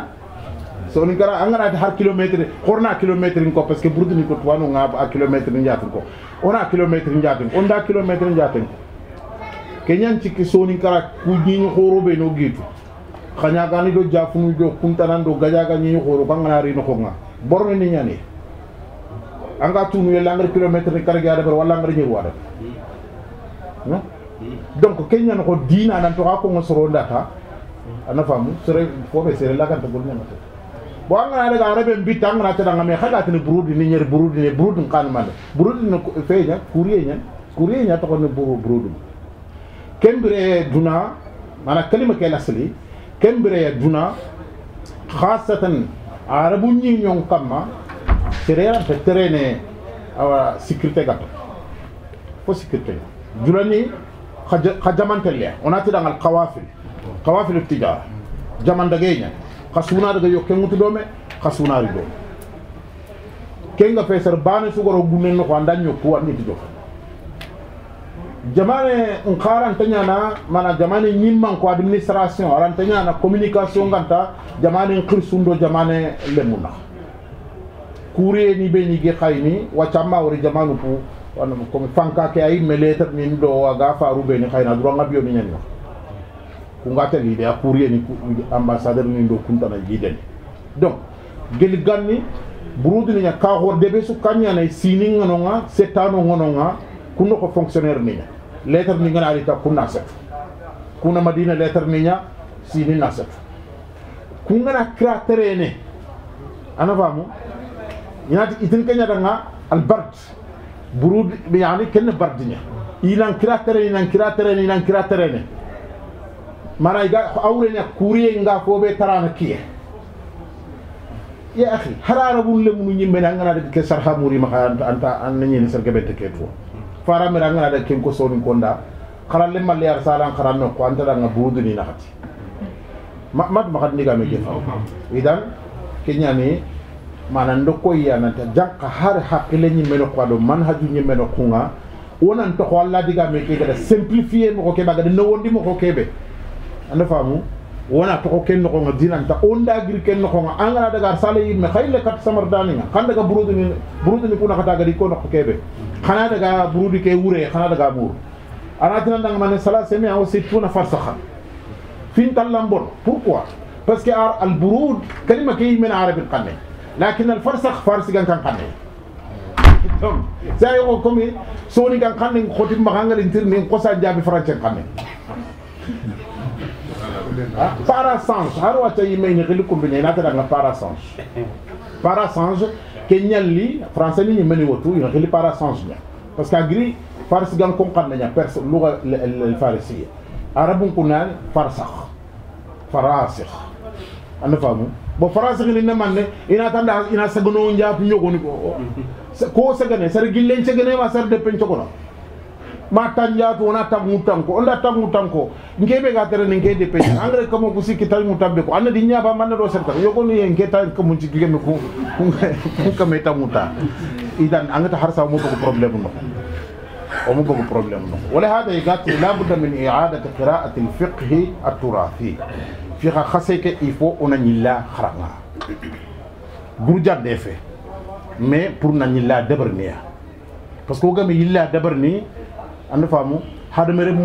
soni kara angana ta har kilometre korna kilometre ko parce que burdi ko tuwanu ngab a kilometre njatin ko ona kilometre njatin onda kilometre njatin kenyan ci soni kara ku ni horo be no gitu khanya gani do jafunu do kuntanan do gaja ga ni horo bangana ri no ko nga borne ni nyani anga tunu yalla ngar kilometre kar ga da wala ngar ni wada donc kenya no ko dina nan to ko ngosoro ndata ana famu sere ko be sere la kan to gol nyama bo nga ngana daga arabe mbita na ta nga me khada tin burudi ni nyer burudi ni burudi kan man burudi no feenya kurie nya kurie nya to ko ne buru burudi kembere duna mana kalima ke lasli kembere duna khasatan arabu ni nyon kamma sere ran te terene awa sécurité gato ko sécurité julani khajamantelya onati dang al qawafil qawafil tijara jaman dagenya khasuna daga yokke mutu dome khasuna ri dome kenga fesar bane sugoro gunne no ko andanyo ko andi tijo jamane on qaran tanyana mana jamane nyimman ko administration aran tanyana communication ganta jamane khirsundo jamane lemuna kure ni be ni ge khayni wa chamma wori jamanu pu wana mo comme fanka ke ay meletat min do aga faru be ni khayna dro nga biyo ni nyanya ku nga tali de akuriye ni ambassadeur ni do kunta na giden donc gel ganni burudu ni nya ka hor debe su kanya na sini ngono nga setano ngono nga no ko fonctionnaire ni nya letter ni ngana ali ta na set kuna madina letter ni nya sini na set ku ngana kratere ne ana famu nyati itin kanya da nga albert burud yani ken bardine ilan kiratere ilan kiratere ilan kiratere ne mara iga awrene kuriye nga fobe tarana kiye ya akhi harara bun le mun nyimbe na ngana de ke sarha muri ma anta anta an nyi ni sarga bette ke to fara mera ngana de ken ko soni konda khara le mal yar salan khara no ko anta da ngabudu ni na khati mat mat ma khadni ga me ke fa idan kenyani manan do ko yananta janka har hakkile ñimmeno kuwaɗo manhaju ñimmeno kunga wonan toxo alla diga me ke gada simplifier moko keɓe a gada nowondi moko keɓe anda faamu wona toxo ken noxonga dinanta on dagiri ken noxonga angana daga sala yimme xay le kat samardaninga xan daga burudini burudini kuna xata gadi ko noxo keɓe xana daga burudi ke wure xana daga muur ana tinandanga mane sala semi an o sittuna farsaxa fin tallan bon pourquoi parce que al burud kalima ke yimmen arabin xanne لكن الفرسخ فارس كان كان قنن تم زي هو كومي سوني كان قنن خطيب مغانغل انتر من قصا جابي فرنسا قنن parasange harwata yimayni xili kumbine nata danga parasange parasange ke ñalli français ni ñimeni wotu ina xili parasange ña parce que agri farsi gan kon xan naña perse luga alfarisia arabun kunan farsax farasix ana famu bo france ngini ne manne ina tanda ina sagano nja pi nyogoni ko ko sagane sar gillen sagane ma sar de pen chokola ma tanja to na tagu tanko onda tagu tanko ngebe ga tere ne ngede pen angre kamo kusi kital mutabbe ko anadi nya ba manna do sarta yogoni en keta ko mun jigge me ko ko kameta muta idan angata harsa mo ko problem no ومو بقى بروبلم ولهذا يقال لابد من إعادة قراءة الفقه التراثي kixa xaseke il faut ona ñilla xaranga gurjande fe mais pour na ñilla debarniya parce que wogame yilla debarni rek faamu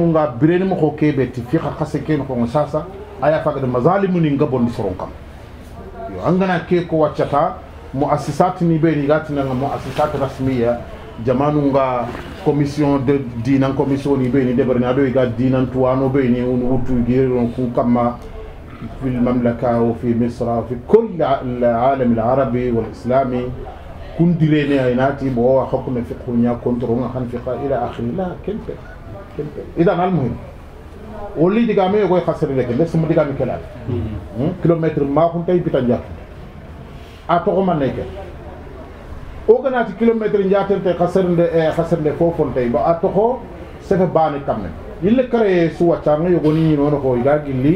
nga birene mo ko kebe ti fixa xase kene kongo sasa aya de mazalimu ni ngabondi soron kam yo angana ke ko wachata muassisat ni gatina igatinanga muassisat rasmiya jamanu nga commission de dinan commission ni ni deɓarni ado ga dinan tuwano ɓeni un wuttu giron ku kama في المملكة وفي مصر وفي كل العالم العربي والإسلامي كندليني عيناتي بوا حكم فقه كنت كنترون خان فقه إلى آخره لا كنت كمبي إذا المهم ولي قامي يقول خسر لك ليس مو قامي كلام كيلومتر ما كنت جاك أتوقع ما نيكي oganati تي jatente hasarde e hasarde fofontay ba atto ko سفه باني kammen yille créé suwaccango yogoni ñinono ko yiga gilli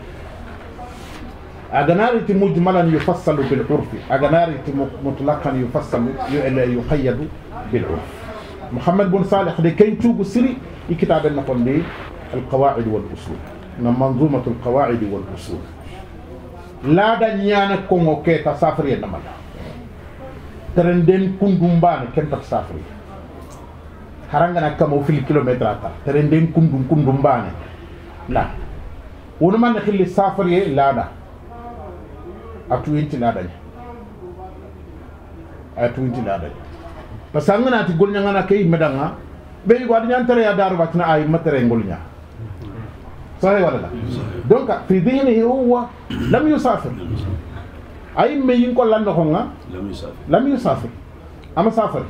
أجنارة مجملا يفصل بالعرف أجنارة مطلقا يفصل يقيد بالعرف محمد بن صالح دي كان توقو سري كتاب النقل دي القواعد والأصول منظومة القواعد والأصول لا دنيانا كونغو كي تسافر ينمال ترندين كندومبان كن تسافر harangana kamo fil kilometre ata tere nden kundum kundum bane la wonumane xilli safari laada a tuwintina daña a tuwintina daña par ce que anganati golñangana ke yimme danga ɓe yigo adi ñantareya daaro waccina a yimma tere golña sahe walla la donc fi dihnihi huwa lam yusafir a yimme yin kollanno konga lam yusafir ama safir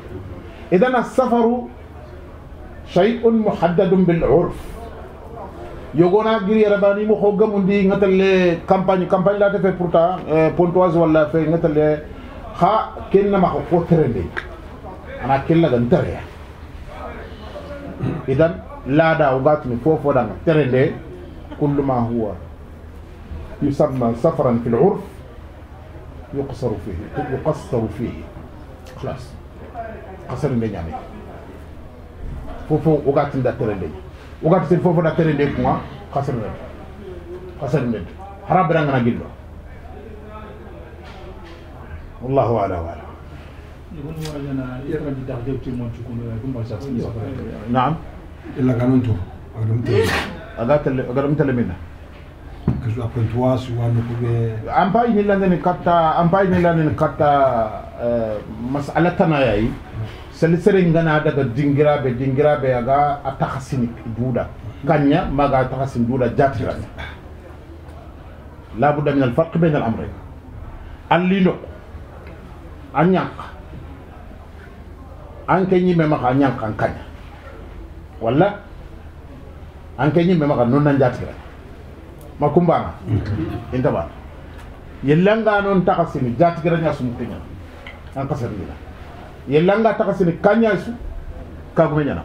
idan asafaru shay'un muhaddadun bil urf yogona giri arabani mo hogam undi ngatale campagne campagne la fait pourtant euh, pontoise wala fait ngatale ha kenna ma ko terende ana kella gan tere idan la da ugat ni fofo dan terende kullu ma huwa yusamma safaran fil urf يقصر فيه يقصر فيه خلاص قصر من يعني فوفو وقعت ندتر الليل wogati sen fofoda terende kuma hasanned hasanned hara berangana gillo هو ala wala نعم إلا كانونتو أقدم تلمينا كسو أبنتواس وانكوبي أمباي نيلانين كاتا أمباي نيلانين كاتا آه، مسألة تنايا seli sere ngana daga dingiraɓe dingiraɓe aga a tahasini duuɗa kaña maga a tahasini duuɗa jatirani labuda min al farqe ɓe ngal amre allino a ñanka an ke ñimme maxa a ñanka an kaña wala an ke ñimme maxa non na jatirani ma cumbana intabana yellanga noon taxa sini jatigiraña sumukiña an kaserngina yellanga takasini kanya su ko ñana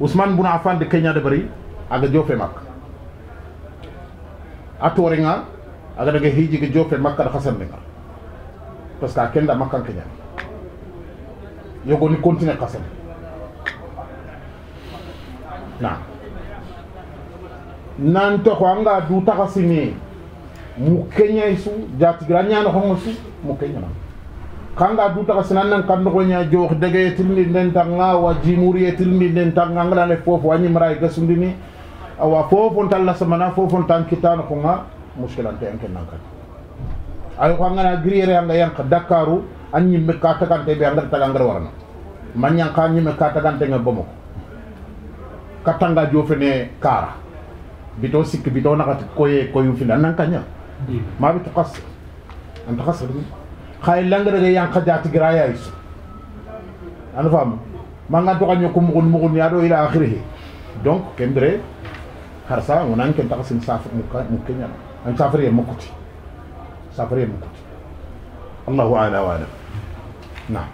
ousmane oh. buna afan de kenya de bari aga jofe mak atore nga aga daga hijigi jofe mak ka hasan denga parce que a kenda makkan ke ñana ni continue na nan to ko nga du takasini mu kenya su jatigira ñana hongo su mu kenya na kanga dutaka sinannan kannogoña joox dege tirndi nden tanga wa jimuri tirndi nden tanga angadane fofo añimara e gasundini awa fofon talla samana fofon tan kittano konga muskilante nan nankan ay ko angana griyere anga yank dakaru an ñimme ka tagante ɓe angar taga ngar warana mañan ka ñimme ka tagante nga bomo kara bito sik bito nakati koye koyu fina ma iya. maɓe tukas an خاي لانغرا دي يان خدات غرايس انا فاهم ما نغا توغا نيوكو مغون مغون يادو الى اخره دونك كندري خرسا ونان كن تاخ سن سافر مكا مكنيا ان سافر مكوتي سافر مكوتي الله اعلى وانا نعم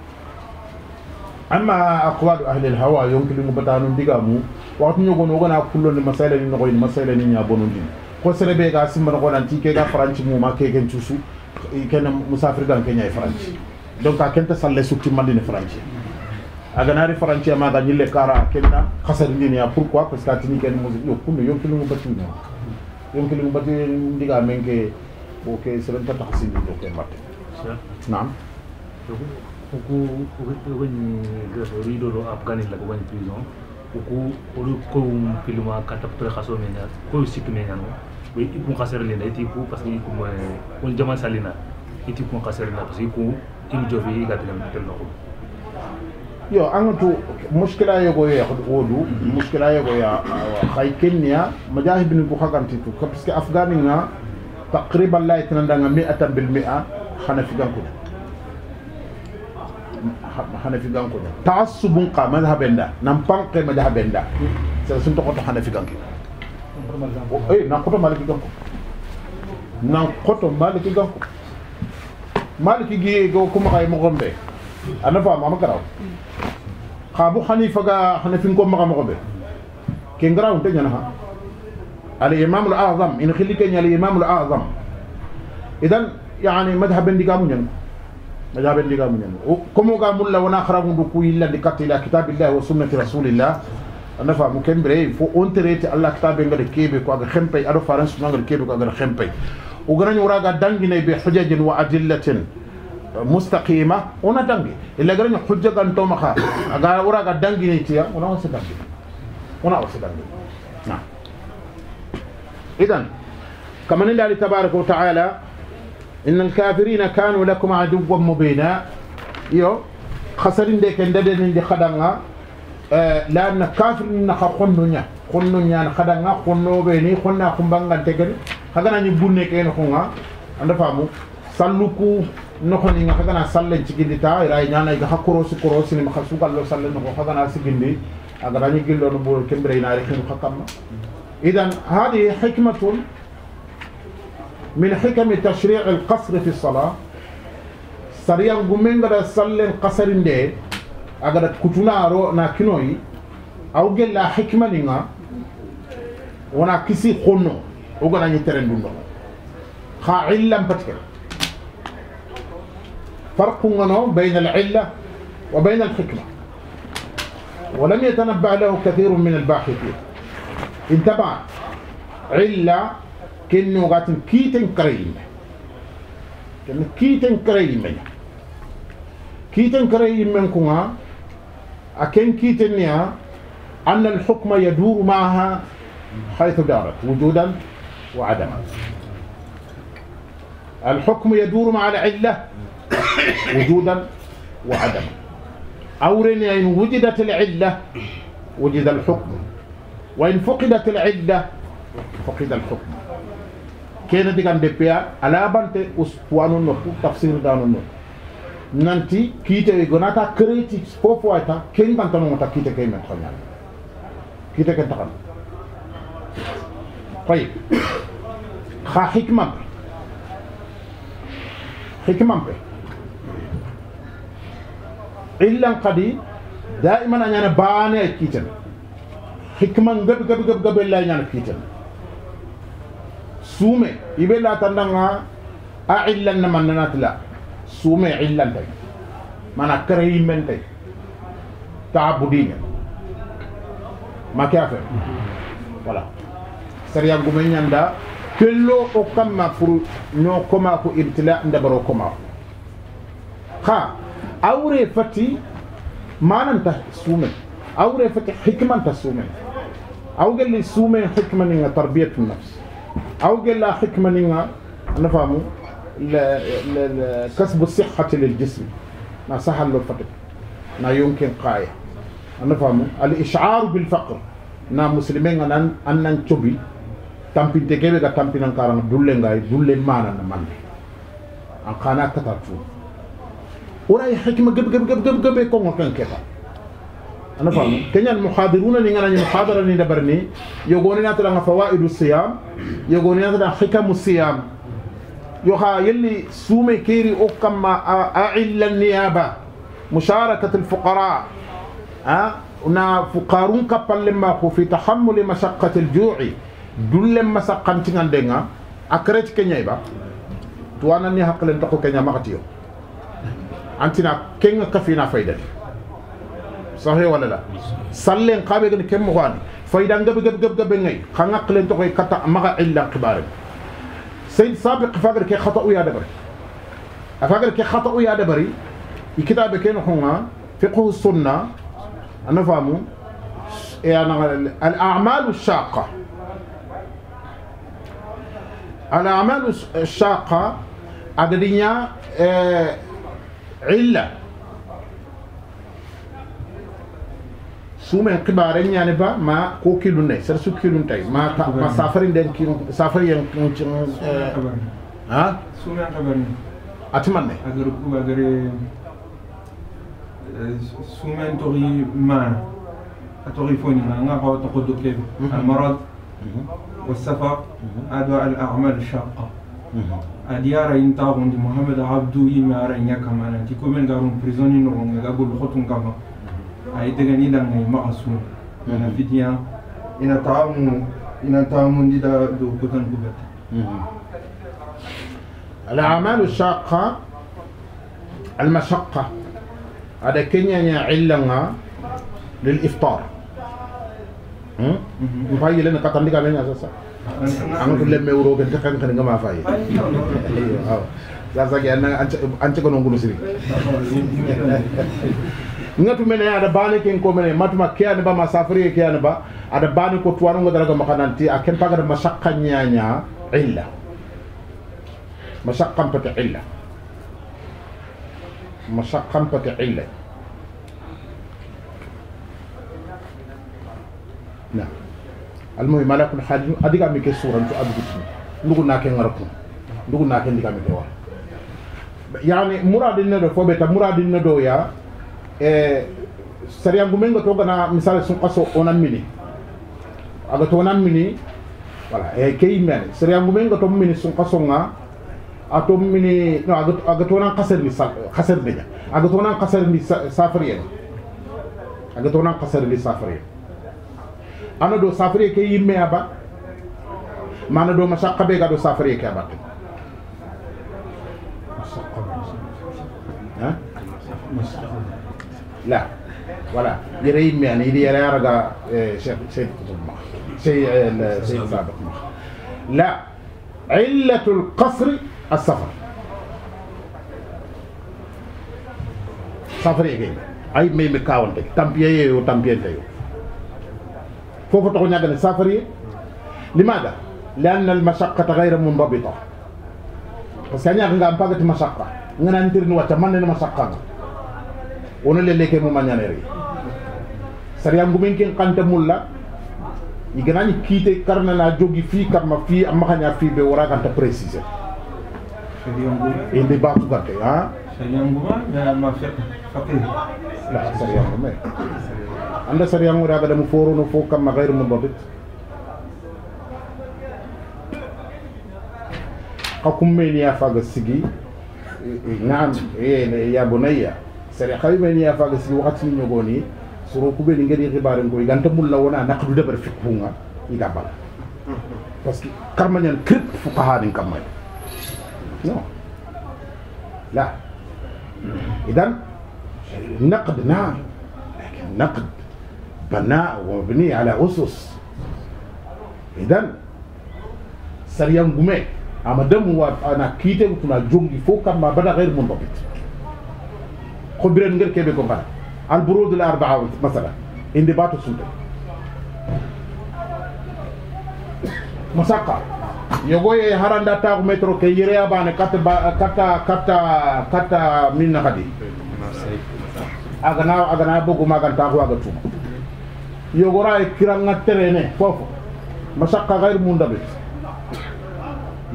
اما اقوال اهل الهوى يمكن مبتانون ديغامو وقت نيوكو نوغا كلون مسائل ني نوغي مسائل ني نيا بونون دي ko sere be ga simmano ko nan ti ke ga franchi mu ma ke gen tusu kene musafirgan Kenya ñay e franci donc a kenta salle sukti mandini franci aganari franci amaga ñille kara kenta hasarindiniya pourquoi parce que atini kene musi yo kundu yonkilingu batino yonkilingu bati ndiga men ke o ke serenta tahasindi do ke matte nam oku ogani rido do afgani la ko wani prison oku oru ko um filma katap pre khaso mena ko sikme ngano bo i kun kasarelena iti pas parce que ikum salina iti kun kasarelena parce que ikum in jobi i gadilem tel no yo angatu muskila yogo ya khod odu muskila yogo ya kai kenya majah ibn bukhaganti tu parce que afghani nga taqriban la itanandanga 100 bil 100 khana fi ganko khana fi ganko ta'assubun qa madhhabenda nam panqe madhhabenda sa sun to khana fi koto maliki ganko eh nan koto maliki ganko nan koto maliki ganko maliki gi go kuma kay mo gombe anafa ma ma garaw khabu hanifa ga hanafin ko ma ma gombe ken garaw te nyana ha al imam al azam in khili ken al imam al azam idan yani madhhab ndika mu nyen madhhab ndika mu nyen komo ga mulla wana kharagu ndu ku illa dikati ila kitabillah wa sunnati rasulillah anda fa mu ken bere fo onterete allah kitabe ngal kebe ko aga khempe ado farans ngal kebe ko aga khempe o gana nyura ga dangine be hujajin wa adillatin mustaqima ona dangi illa gana hujja gan to maha aga ura ga dangine tiya ona wasa dangi ona wasa dangi na idan kaman illa li tabaraka wa ta'ala إن الكافرين كانوا لكم عدوا مبينا يو خسرين ديك نددين دي خدنا Eh, لأن كافر نخا خنو خنو نيان خدنا خنو بيني خنا خنبانغان تكن خدنا نبوني كين خونا عند فامو سلوكو نخوني نخا خدنا سلن تجدي تا راي نانا يجها كروس كروس نم خسوق الله سلن نخو خدنا سجندي أدرا نيجيل لون بول كمبرين عارفين خطما إذا هذه حكمة من حكم تشريع القصر في الصلاة سريع قمنا سلن قصر ديه agada kutunaro na kinoyi aw gella hikmaninga wona kisi xonno o ganañi teren dundoxo xa illan patke فرقنا بين العلة وبين الحكمة ولم يتنبع له كثير من الباحثين انتبه علا كنو غاتن كيتن كريم كن كيتن كريم كيتن كريم من كونها أكن كيتنيا أن الحكم يدور معها حيث دارت وجودا وعدما الحكم يدور مع العلة وجودا وعدما أورن إن وجدت العلة وجد الحكم وإن فقدت العلة فقد الحكم كينا ديغان ديبيا ألا بانت اسبوانو نوكو تفسير دانو نوكو nanti kite gonata kreti fofu ayta ken banta mo ta kite kay men khonyal kite ken takam طيب خا حكمة حكمة إلا قدي دائما أنا باني كيتن حكمة غب غب غب غب إلا أنا كيتن سومي يبلا تندعها أعلن من ناتلا sume illante mana kere yimmente ma make afe voilà seria gume ñanda kello o kamma pour ño koma ko irtila ndabaro koma ha awre fati mananta sume awre fati hikmanta sume aw gelli suume hikmaninga tarbiyatun nafs aw gella hikmaninga ana faamu لكسب الصحة للجسم ما سهل الفقر ما يمكن قاية نفهم الإشعار بالفقر نا مسلمين أن أن تبي تامبين تكيبي كتامبين أنكارن دولين غاي دولين ما أنا ما نمان أنكارنا كتاتو ولا يحكم جب جب جب جب جب يكون كان كذا أنا فاهم كنا المحاضرون اللي عنا المحاضرة اللي دبرني يقولون أتلا فوائد الصيام يقولون أتلا حكم الصيام يخا يلي سومي كيري أقم أعل النيابة مشاركة الفقراء ها نا فقارون كبل لما في تحمل مشقة الجوع دول لما سقم تنان دينا أكرت كنيا با توانا ني حق لن تخو كنيا ماتيو أنتنا كين كفينا فايدة صحيح ولا لا سلين قابل كم غاني فايدان غب غب غب غب غب غب غب غب غب غب غب غب غب غب غب غب غب سيد سابق فاقر كي خطأ ويا دبري أفاقر كي خطأ ويا دبري الكتاب كين حونا فقه السنة أنا فاهمو يعني الأعمال الشاقة الأعمال الشاقة أدرينا آه، علة suma kibaare ñaani ba ma ko kilun ne sara su kilun tay ma ta ma safari den ki safari yen ha suumen kibaare atiman ne agar ku agar suma tori ma atori foni ma nga ko to ko dokke al marad wa adu al a'mal shaqqa والسفر هذا الأعمال muhammad abdu yi ma ra nyaka إما أرنيا ko men من prisoni no nga gol خطون كمان aidegani da ngai makasu mana fidiya ina tamu ina tamu ndida do kutan kubata الأعمال الشاقة المشقة هذا كنيا علنا للإفطار نفاي لنا قطن ديك علينا أساسا أنا كل ما يورو كنت كان كان ما فاي أيوه أساسا كأننا أنت أنت كنا نقول سري ngatu mene ada bani ken ko mene matuma kiyani ba masafiri kiyani ba ada bani ko tuwanu ngo daraga makananti aken pagar masakka nyanya illa masakka pata illa masakka pata illa na المهم على كل حال اديك امي صوره انت اديك نقول ناكي نغرقون نقول ناكي نديك امي يعني مراد الندو فوبتا مراد الندو يا e sariyangumen ga togana misal sun kaso onan mini aga to onan mini wala e kei men sariyangumen ga to mini sun kaso nga a to mini no aga aga to nan kasar ni kasar ne aga to nan kasar ni safariye aga to nan kasar ni safariye ana do safariye ke yimme aba mana do masakka be ga do safariye ke aba masakka ha masakka لا ولا قريب يعني هي لا إيه، سيد قطب سيد إيه، لا علة القصر السفر سفر يجي أي مي مكاون تك تامبيه يو تامبيه تيو فوفو تقول نجا السفر لماذا؟ لأن المشقة غير منضبطة بس يعني أنا أمبارح مشقة أنا أنتظر ما من المشقة wono le leke mo sari am gumen ken kanta mulla iganani kite karna la jogi fi karma fi am hanya fi be wara kanta préciser indi ba tu gatte ha sariya nguma na ma fakir la anda sari am ra mu foro no fo kamma ghairu mudabit hakum me ni afaga sigi e, e, e, ya bunayya sere xaymen ya faga si wakati ni ñogoni soro kube ni ngadi xibare ngoy ganta mul la wona naqdu debar fikkunga iga bal parce que karmañan krip fuqaha din kamay non لا اذا النقد نعم لكن النقد بناء ومبني على اسس اذا سريان غومي اما دم انا كيتو كنا جونغي فوق ما بدا غير منضبط ko biren ngel keɓe ko mbaɗa al bourudul arbaa masala inde bato sunta mo sakka yogoye haranda taku métro ke yereya bane katta katta katta katta minna kadi agana agana bogu magan taku aga tuma yogora e kiranga terene fofo masakka gayr mundaɓe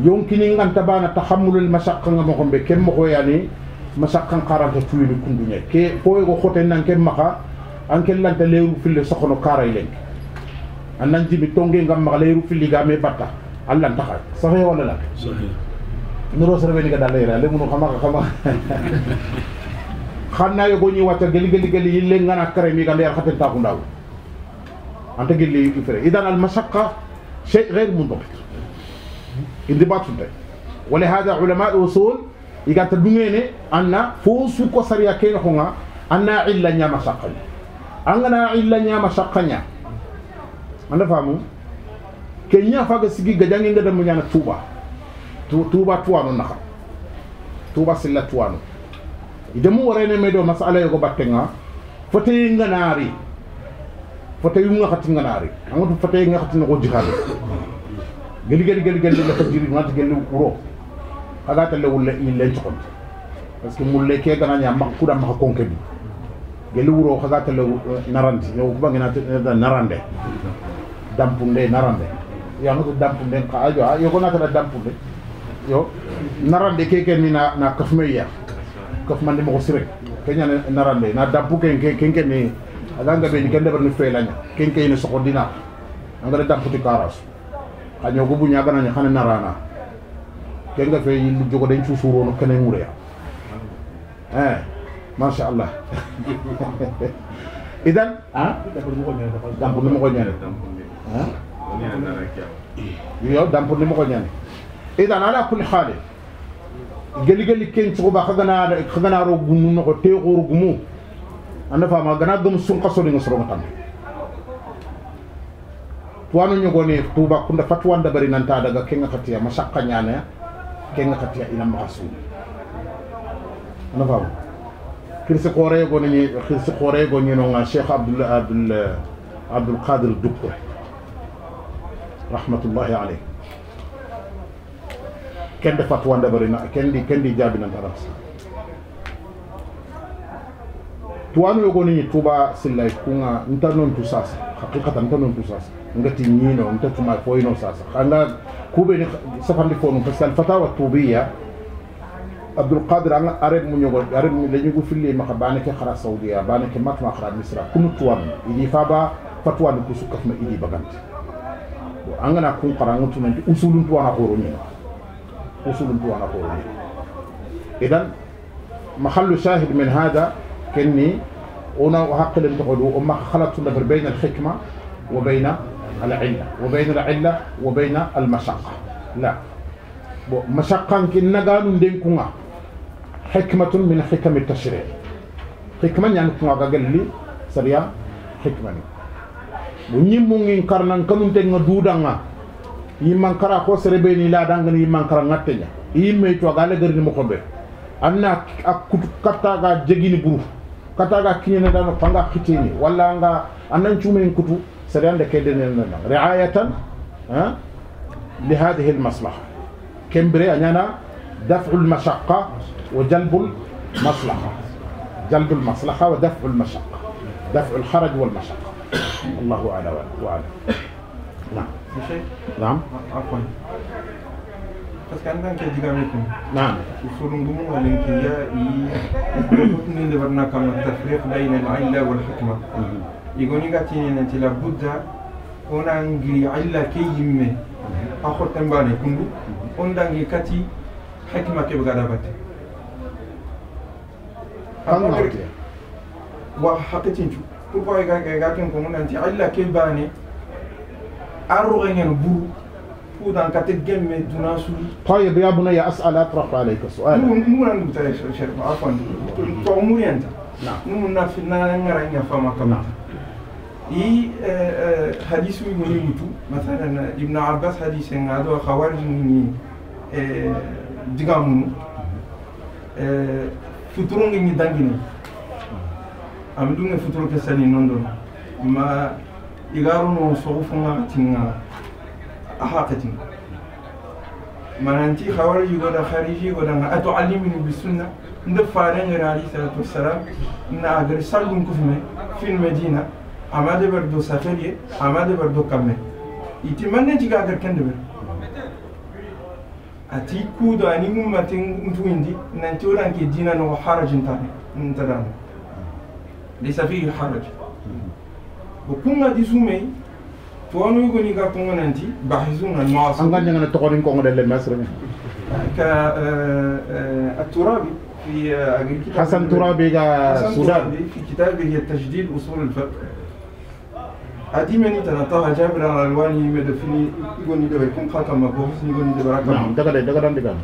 yonkini nganta bana tahammulul masakka nga mogon ɓe ken mogoyani masakkan karanta tuyini kundunya ke koy go khoten nan ke maka an ke lanta leeru fille sokono kara ilenke annan jimi tonge ngam maka leeru fille ga me batta allan takha sahe wala la sahe nuro serbe ni ga dalera le munu kama kama xanna yo goni wata geli geli geli yille ngana kare mi ga ndar khaten ta kundaw anta geli ifere idan al masakka shay غير منضبط انضباط ولهذا علماء الاصول igata dungene anna fo su ko sariya ken honga anna illa nyama sakanya angana illa nyama sakanya anda famu kenya faga sigi gajangi ngada mu nyana tuba tuba tuwanu naka tuba silla tuwanu idemu warene medo masala yogo battenga fote nganari fote yunga khati nganari angoto fote nga khati no jihad gel gel gel gel la khajiri mat gel uro agata le wulle yillen cogonte parce que mulle ke ganaña maxa kuda maxa konke du geli wuro xagata le eh, naranti yow kubangenata eh, narande dampunde narande yanoto dampunde xa a joa ah, yogonatana dampunde yo narande keke ni na, na kafme ya kafmande moxo ke keña narande na dampu ken kenke ni adanga ni ken ndeɓar ni ni sokodina ine soxondina angada damputi karas xa ñogo buñaganaña xana narana kenga fe yilli jogoɗen cuusurono kene ŋureya e machallah idan dampurni mogo ñane yo dampurni mogo ñane idan ala kulli haali geli geli ken cuguba xagana xaganaro gunnu noxo teexoru gumu anda fama gana gom sunqa soninga soronga tan tuwano ñogone tuba kunda fatuwanda bari nanta daga kenga xatiya masakka ñaneya kenga khatiya ina makasu ana fam kirsi qore go ni kirsi qore go ni no nga sheikh abdul abdul abdul qadir dukko rahmatullahi alayh kende fatwa ndabarina kendi kendi jabina tarasa tuwanu yogo ni tuba silla kunga ntanon tu sasa hakikatan ntanon tu sasa ngati nyino ntatuma foino sasa kanda كوبي سفر لفون بس فتاوى توبية عبد القادر انا اريد من يقول اريد من اللي يقول في اللي ما بانك خرا سعوديه بانك ما تما خرا مصر كم توام يدي فابا فتوى نكوسو كف ما يدي بغانت انا كون قران تمن اصول توانا قروني اصول توانا قروني اذا محل شاهد من هذا كني انا وحق لم تقولوا وما خلطت بين الحكمه وبين العلة وبين العلة وبين المشقة لا مشقة كنا قالوا ندينكونا حكمة من حكم التشريع حكمة يعني كنا قال لي سريع حكمة ونيمون كارنا كنون تنغ دودانا يمان كرا كو سربيني لا دانغ يمان كرا ناتنيا يمي تو قال غير أنا مكوبه anna akut kataga jegini buru kataga kinyene dano panga kitini ولا غا anan chumen kutu سريان لكيدن رعاية لهذه المصلحة كمبري أنا دفع المشقة وجلب المصلحة جلب المصلحة ودفع المشقة دفع الحرج والمشقة الله أعلى وعلى نعم نعم عفوا parce que andan ke diga يقولي قتني تلا لابد أن أنجي علة كي يمي أخو تنبالي كنبو أن نجري كتي حكمة كيبقى دابتي وحقتين شو pourquoi i ka ken kongo nanti alla ke bane a roxengeno buru pudan kate gemme duna suri طيب يا بني اسال اطرح عليك سؤال مونا نبتا يا شيخ عفوا تعمري انت نعم i hadisu igoni wutu masalan ibn abbas hadise nga do khawarij ni diga munu futuro ngi ni dangini am dunga futuro ke sani nondo ma igaro no sogu funga tinga ahaqatin mananti khawarij go da khariji go da atu alimini bisunna nda faran ngira ali sallallahu alaihi wasallam na agar salgun kufme fil medina amade ber do safariye amade ber do kamme iti manne jiga agar kende ber ati kudo ani ummati ntu indi nanti uran ke dina no haraj ntane ntadan laysa fihi haraj bokunga disume tuwanu yugo ni ga kunga nanti bahizuna nas anga nyanga to konin kongo delle masra ka الترابي في حسن ترابي السودان في كتابه التجديد اصول الفقه أديمني تنطاها جابر على الواني مدفني يقولني دبا يكون خاطر ما بوفس يقولني دبا راكب نعم دكا دكا دكا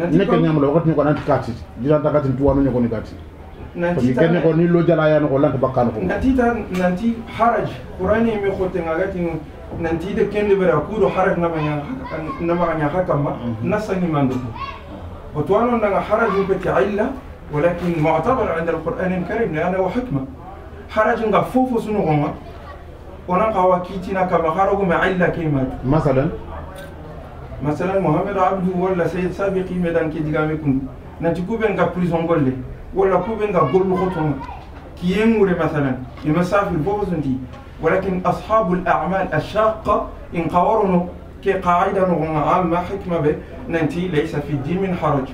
نك نعم لو قلت نكون أنت كاتي جرا دكا تنتوا من يكون كاتي نانتي كان يكون نيلو جلايا نقول لك بقى نقول نانتي نعم. تا نانتي حرج قراني مي خوتين غاتي نانتي ده كان دبا كودو حرج نما يا نما يا خاطر ما نسني ماندو وتوانو نغا نعم، حرج بتعله ولكن معتبر عند القرآن الكريم لأنه حكمة حرج غفوف نعم، سنغما كنا قوا كيتنا كما خرجوا مع إلا كلمة مثلا مثلا محمد عبد هو ولا سيد سابق ميدان كي ديغا ميكون نتي كوبن كا بريزون غولي ولا كوبن غا غول خوتون كيمور مثلا يمسافر بوزنتي ولكن أصحاب الأعمال الشاقة إن كي قورنوا كقاعدة عامة حكمة به ننتي ليس في الدين من حرج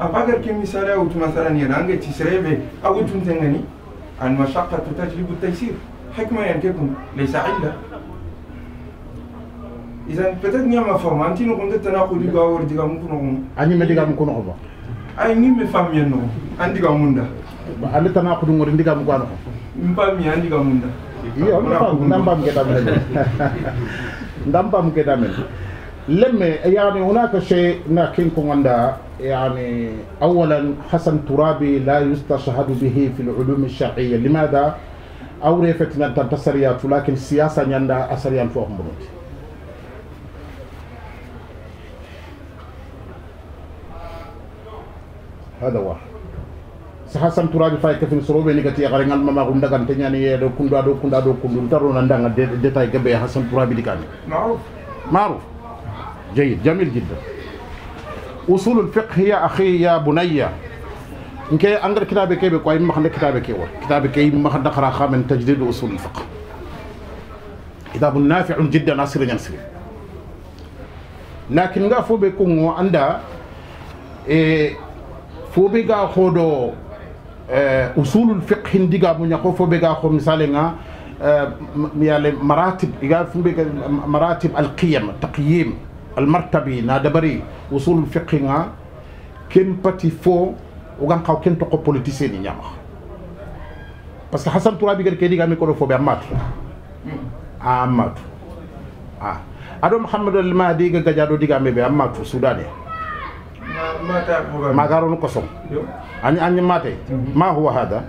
أبقر كمثال أوت مثلا يرانجي تسريبه أو تنتنغني مشقة تجلب التيسير حكمة ينكبهم يعني ليس علة إذا بدات نعمة فهم أنت نقوم تتناقض ديغا ور ديغا مكون نقوم أني ما ديغا مكون نقوم أي نيم ما فهم ينو يعني أن ديغا موندا أنا تناقض مور ديغا مكون نقوم مبام يا ديغا موندا iyo ndambam ke damen ndambam ke damen لما يعني هناك شيء ناكينكم عندها يعني اولا حسن ترابي لا يستشهد به في العلوم الشرعيه لماذا؟ awre fetinan tanta sariya tu lakin siyasa ñanda a sariyan fo mbonote hada waha saha santuraji fay kafin soroɓe ni gati yakare ngal mama kum dagan teñani yeeɗo kunda ɗo kunda ɗo kundu tarona ndanga détail gabe ha santurabi dikani maruf جيد جميل جدا اصول الفقه يا اخي يا بني ان كي انغر كتابي كي بي كوين مخن كتابي كي ور كتابي كي مخن دخرا خامن تجديد اصول الفقه كتاب نافع جدا ناصر ينسر لكن غا فو بي كونغو اندا إيه فو بي غا خودو إيه اصول الفقه ديغا مو نياخو فو بي غا خو مثالي غا يعني إيه، مراتب مراتب القيم تقييم المرتبي نادبري وصول الفقه كم باتي فو ugan kaw ken to ko politicien ni ñama hasan toura bi gën ke diga micro fo be amat amat ah adam mohammed al mahdi ga gaja do diga me be amat soudané ma ta ko ma ko som ani ani maté ma huwa hada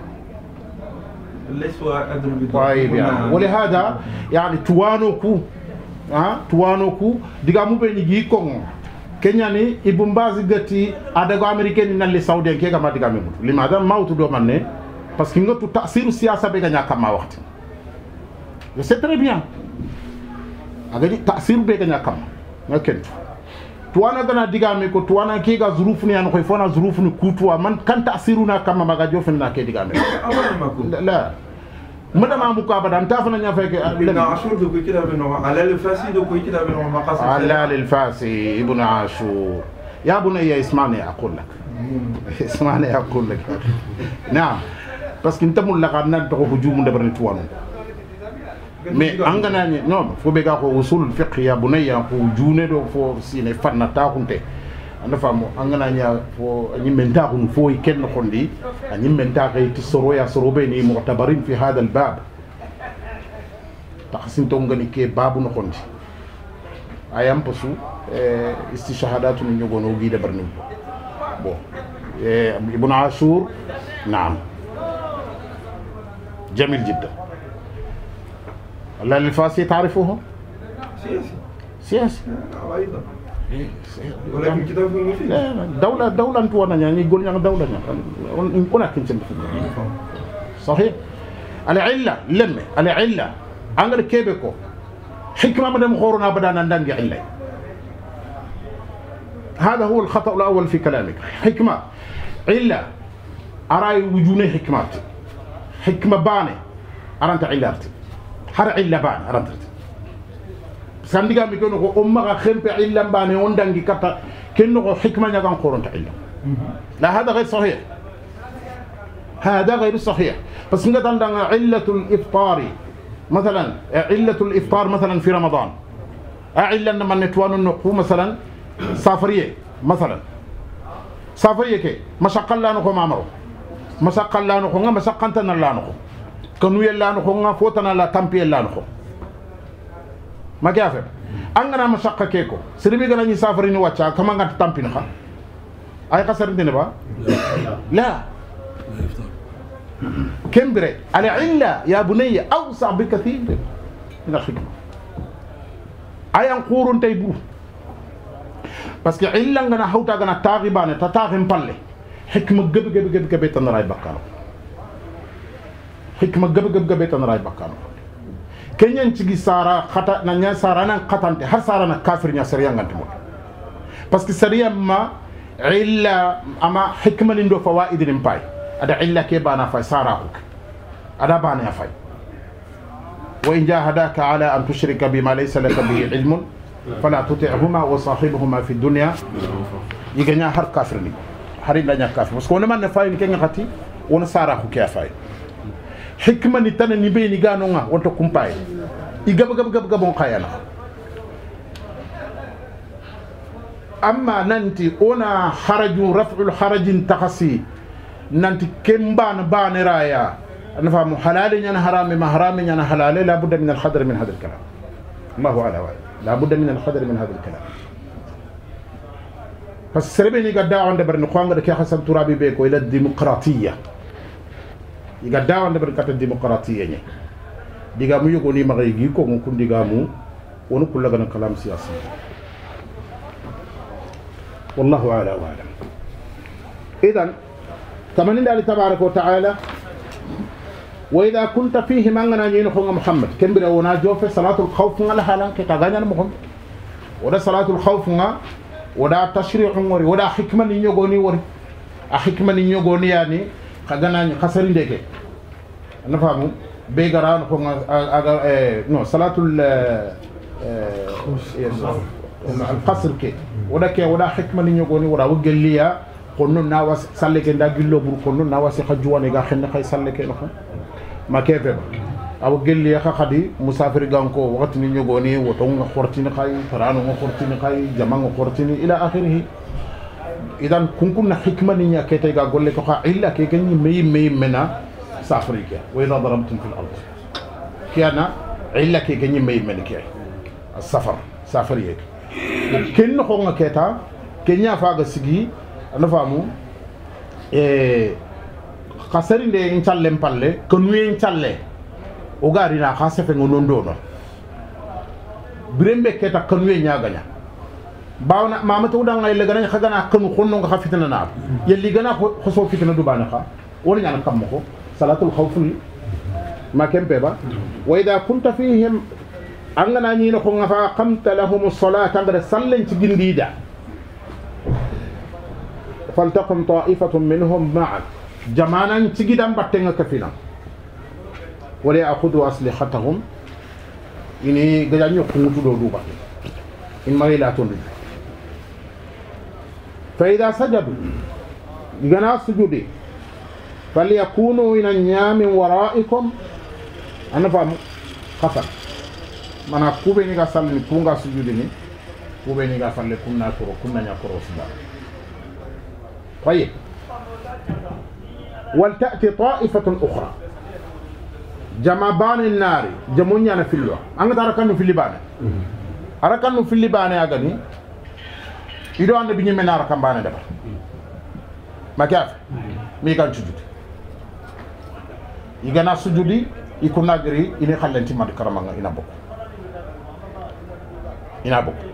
l'histoire adrubi taib ya wala hada hmm. yani tuwanoku ha ah, tuwanoku diga mu be ni gi kongo kenyani ibumbazi gati adago amerikeni nali saudi en kama madiga me mutu limada mawtu do manne parce que ngotu tasiru siyasa be ganya kama wakti je sais très bien agadi tasiru be ganya kama ngaken tuana gana diga me ko tuwana ga zurufu ni an ko fona zurufu ni kutu man kan tasiru na kama maga jofen na ke diga me *coughs* la مدام ابو كابا دام تافنا نيا فيك ابن عاشور دو كده بنو على الفاسي دو كده بنو مقاصد على الفاسي ابن عاشور يا بني اسمعني اقول لك اسمعني اقول لك نعم كنت مولا ملقا ندخو هجوم دبرني توانو مي an نو non fo ɓe ga ko usul fiqh ya bunayya ko juune ɗo fo sine anda faamu anganaña fo ñimmentakunu foyi kenno kondi a ñimmentakay ti soroya soroɓe ni mutabarin fi hada l bab takasin ton gani ke babu no kondi a yampa su istishahadatu no ñogono guida barnim bon ibnu ashur naam جميل جدا هل الفاسي تعرفه؟ سياسي سياسي ايضا ولكن كده لا دولة دولة نتوانا يعني يقول يعني دولة يعني ولكن صحيح على لم على علة أنغر كيبكو حكمة من مخورنا بدنا ندنج علة هذا هو الخطأ الأول في كلامك حكمة علة أراي وجوني حكمات حكمة باني أرانت علارتي هر علة باني أرانت sandiga mi kono ko umma ga khempe illa mbane on dangi kata kenno ko hikma nyagan koronta illa la hada غير صحيح هذا غير صحيح بس نقد عندنا علة الإفطار مثلا علة الإفطار مثلا في رمضان أعلا لما نتوان النقو مثلا سافرية مثلا سافرية كي مشقا لا نقو مامرو مشقا لا نقو مشقا تنا لا نقو كنوية لا نقو فوتنا لا تنبيه لا نقو make afe anganama sakka ke ko serbi ganañi safarini wacca kama nganta tampin xa ay xa sarintene ba la كمبري العلة يا بني أوسع بكثير من الحكمة أي أنقور تيبو بس علة أنا هوتا أنا تاغي باني تتاغي مبالي حكمة قب قب قب قب تنراي بكارو حكمة قب قب قب تنراي بكارو كنين تجي سارا خطا نانيا سارا نان خطان تي هر سارا نان كافر نيا سريان غانت مول بس كي سريان ما علا اما حكمة لندو فوائد نمباي ادا علا كي بانا فاي سارا هوك ادا بانا فاي وإن جاهداك على أن تشرك بما ليس لك به علم فلا تطعهما وصاحبهما في الدنيا يغنيا هر كافر ني هر لا نيا كافر بس كون ما نفاي كين غاتي ون سارا هوك يا فاي hikma ni tana ni beni gano nga wonto kumpaye igab gab gab gabon khayana amma nanti ona haraju raf'ul harajin takhasi nanti kembana bane raya نفهم حلال يعني حرام ما حرام يعني حلال لا بد من الحذر من هذا الكلام ما هو على لا بد من الحذر من هذا الكلام فالسربيني قد داعون دبر نقوان قد كي حسن ترابي بيكو إلى الديمقراطية iga dawande ɓen kata démocratie ñe digamu yogoni maxay gi kongo kun digamu wonu kullagana kalam siyasi wallahu ala wa alam idan tamanindali tabaraka wa taala wa ida kunta fihim angana ñino xonga mouhammad kembira wona jofe salatul xawf nga lahalanke ka gañana moxon woda salatul xawf nga woda tashriu ngori woda xikma ni ñogoni wori a xikma ni ñogoni yani kaganañi hasarinde ke ana faamu be garano ko aga non salatul alkasre ke woɗa ke woɗa hikmani ñogoni woɗa wo gelliya konno nawa salle ke nda gillo ɓuur konno nawasi ha juwanega henne hay salle ke no ko ma kefeɓa awo gelliya ha kadi musafir ganko wakatini ñogoni wotonga hortini hay taranonga hortini hay jamango hortini ila ahirihi idan kunkunna hikmaniña ke tayga golle ko xa illa ke gañi meyimme mena safri ke wa ida darabtum fil l ard kiyana illa ke gañi meyimmene ke a safar safari yeke ken noxonga keta keña faga sigi na famu e khasari de en n palle ko nuye en calle o garina xa sefengo non dono birenbe keta kanuye ñagaña bawna mamata wudan ngai legana kha gana kanu khonno nga fitna na yelli gana ko so fitna du bana kha wala nyana kam ko salatul khawf ma kempe ba wa idha kunta fihim angana ni no ko nga fa qamta lahum as-salata ngada sallen ci gindida faltaqum ta'ifatun minhum ma'ak jamanan ci gidam batte nga kafina wala ya'khudhu aslihatahum ini gajanyo kungutu do duba in mari la tondu فإذا سجدوا يغنا سجودي فليكونوا من النيام ورائكم أنا فهم خطر mana kuɓeni ga salli kunga sujudini kuɓeni ga salli kunna koro kunnaña koro طيب ولتأتي طائفة أخرى جمابان النار جمونيا في أنا ترى كانوا في اللبان أرى في اللبان يا غني iɗo anda biñi menara kambane dabar make afe mi kan sujudi igana sujudi iko nagiri ini hallentimade karamanga ina bokko ina bokko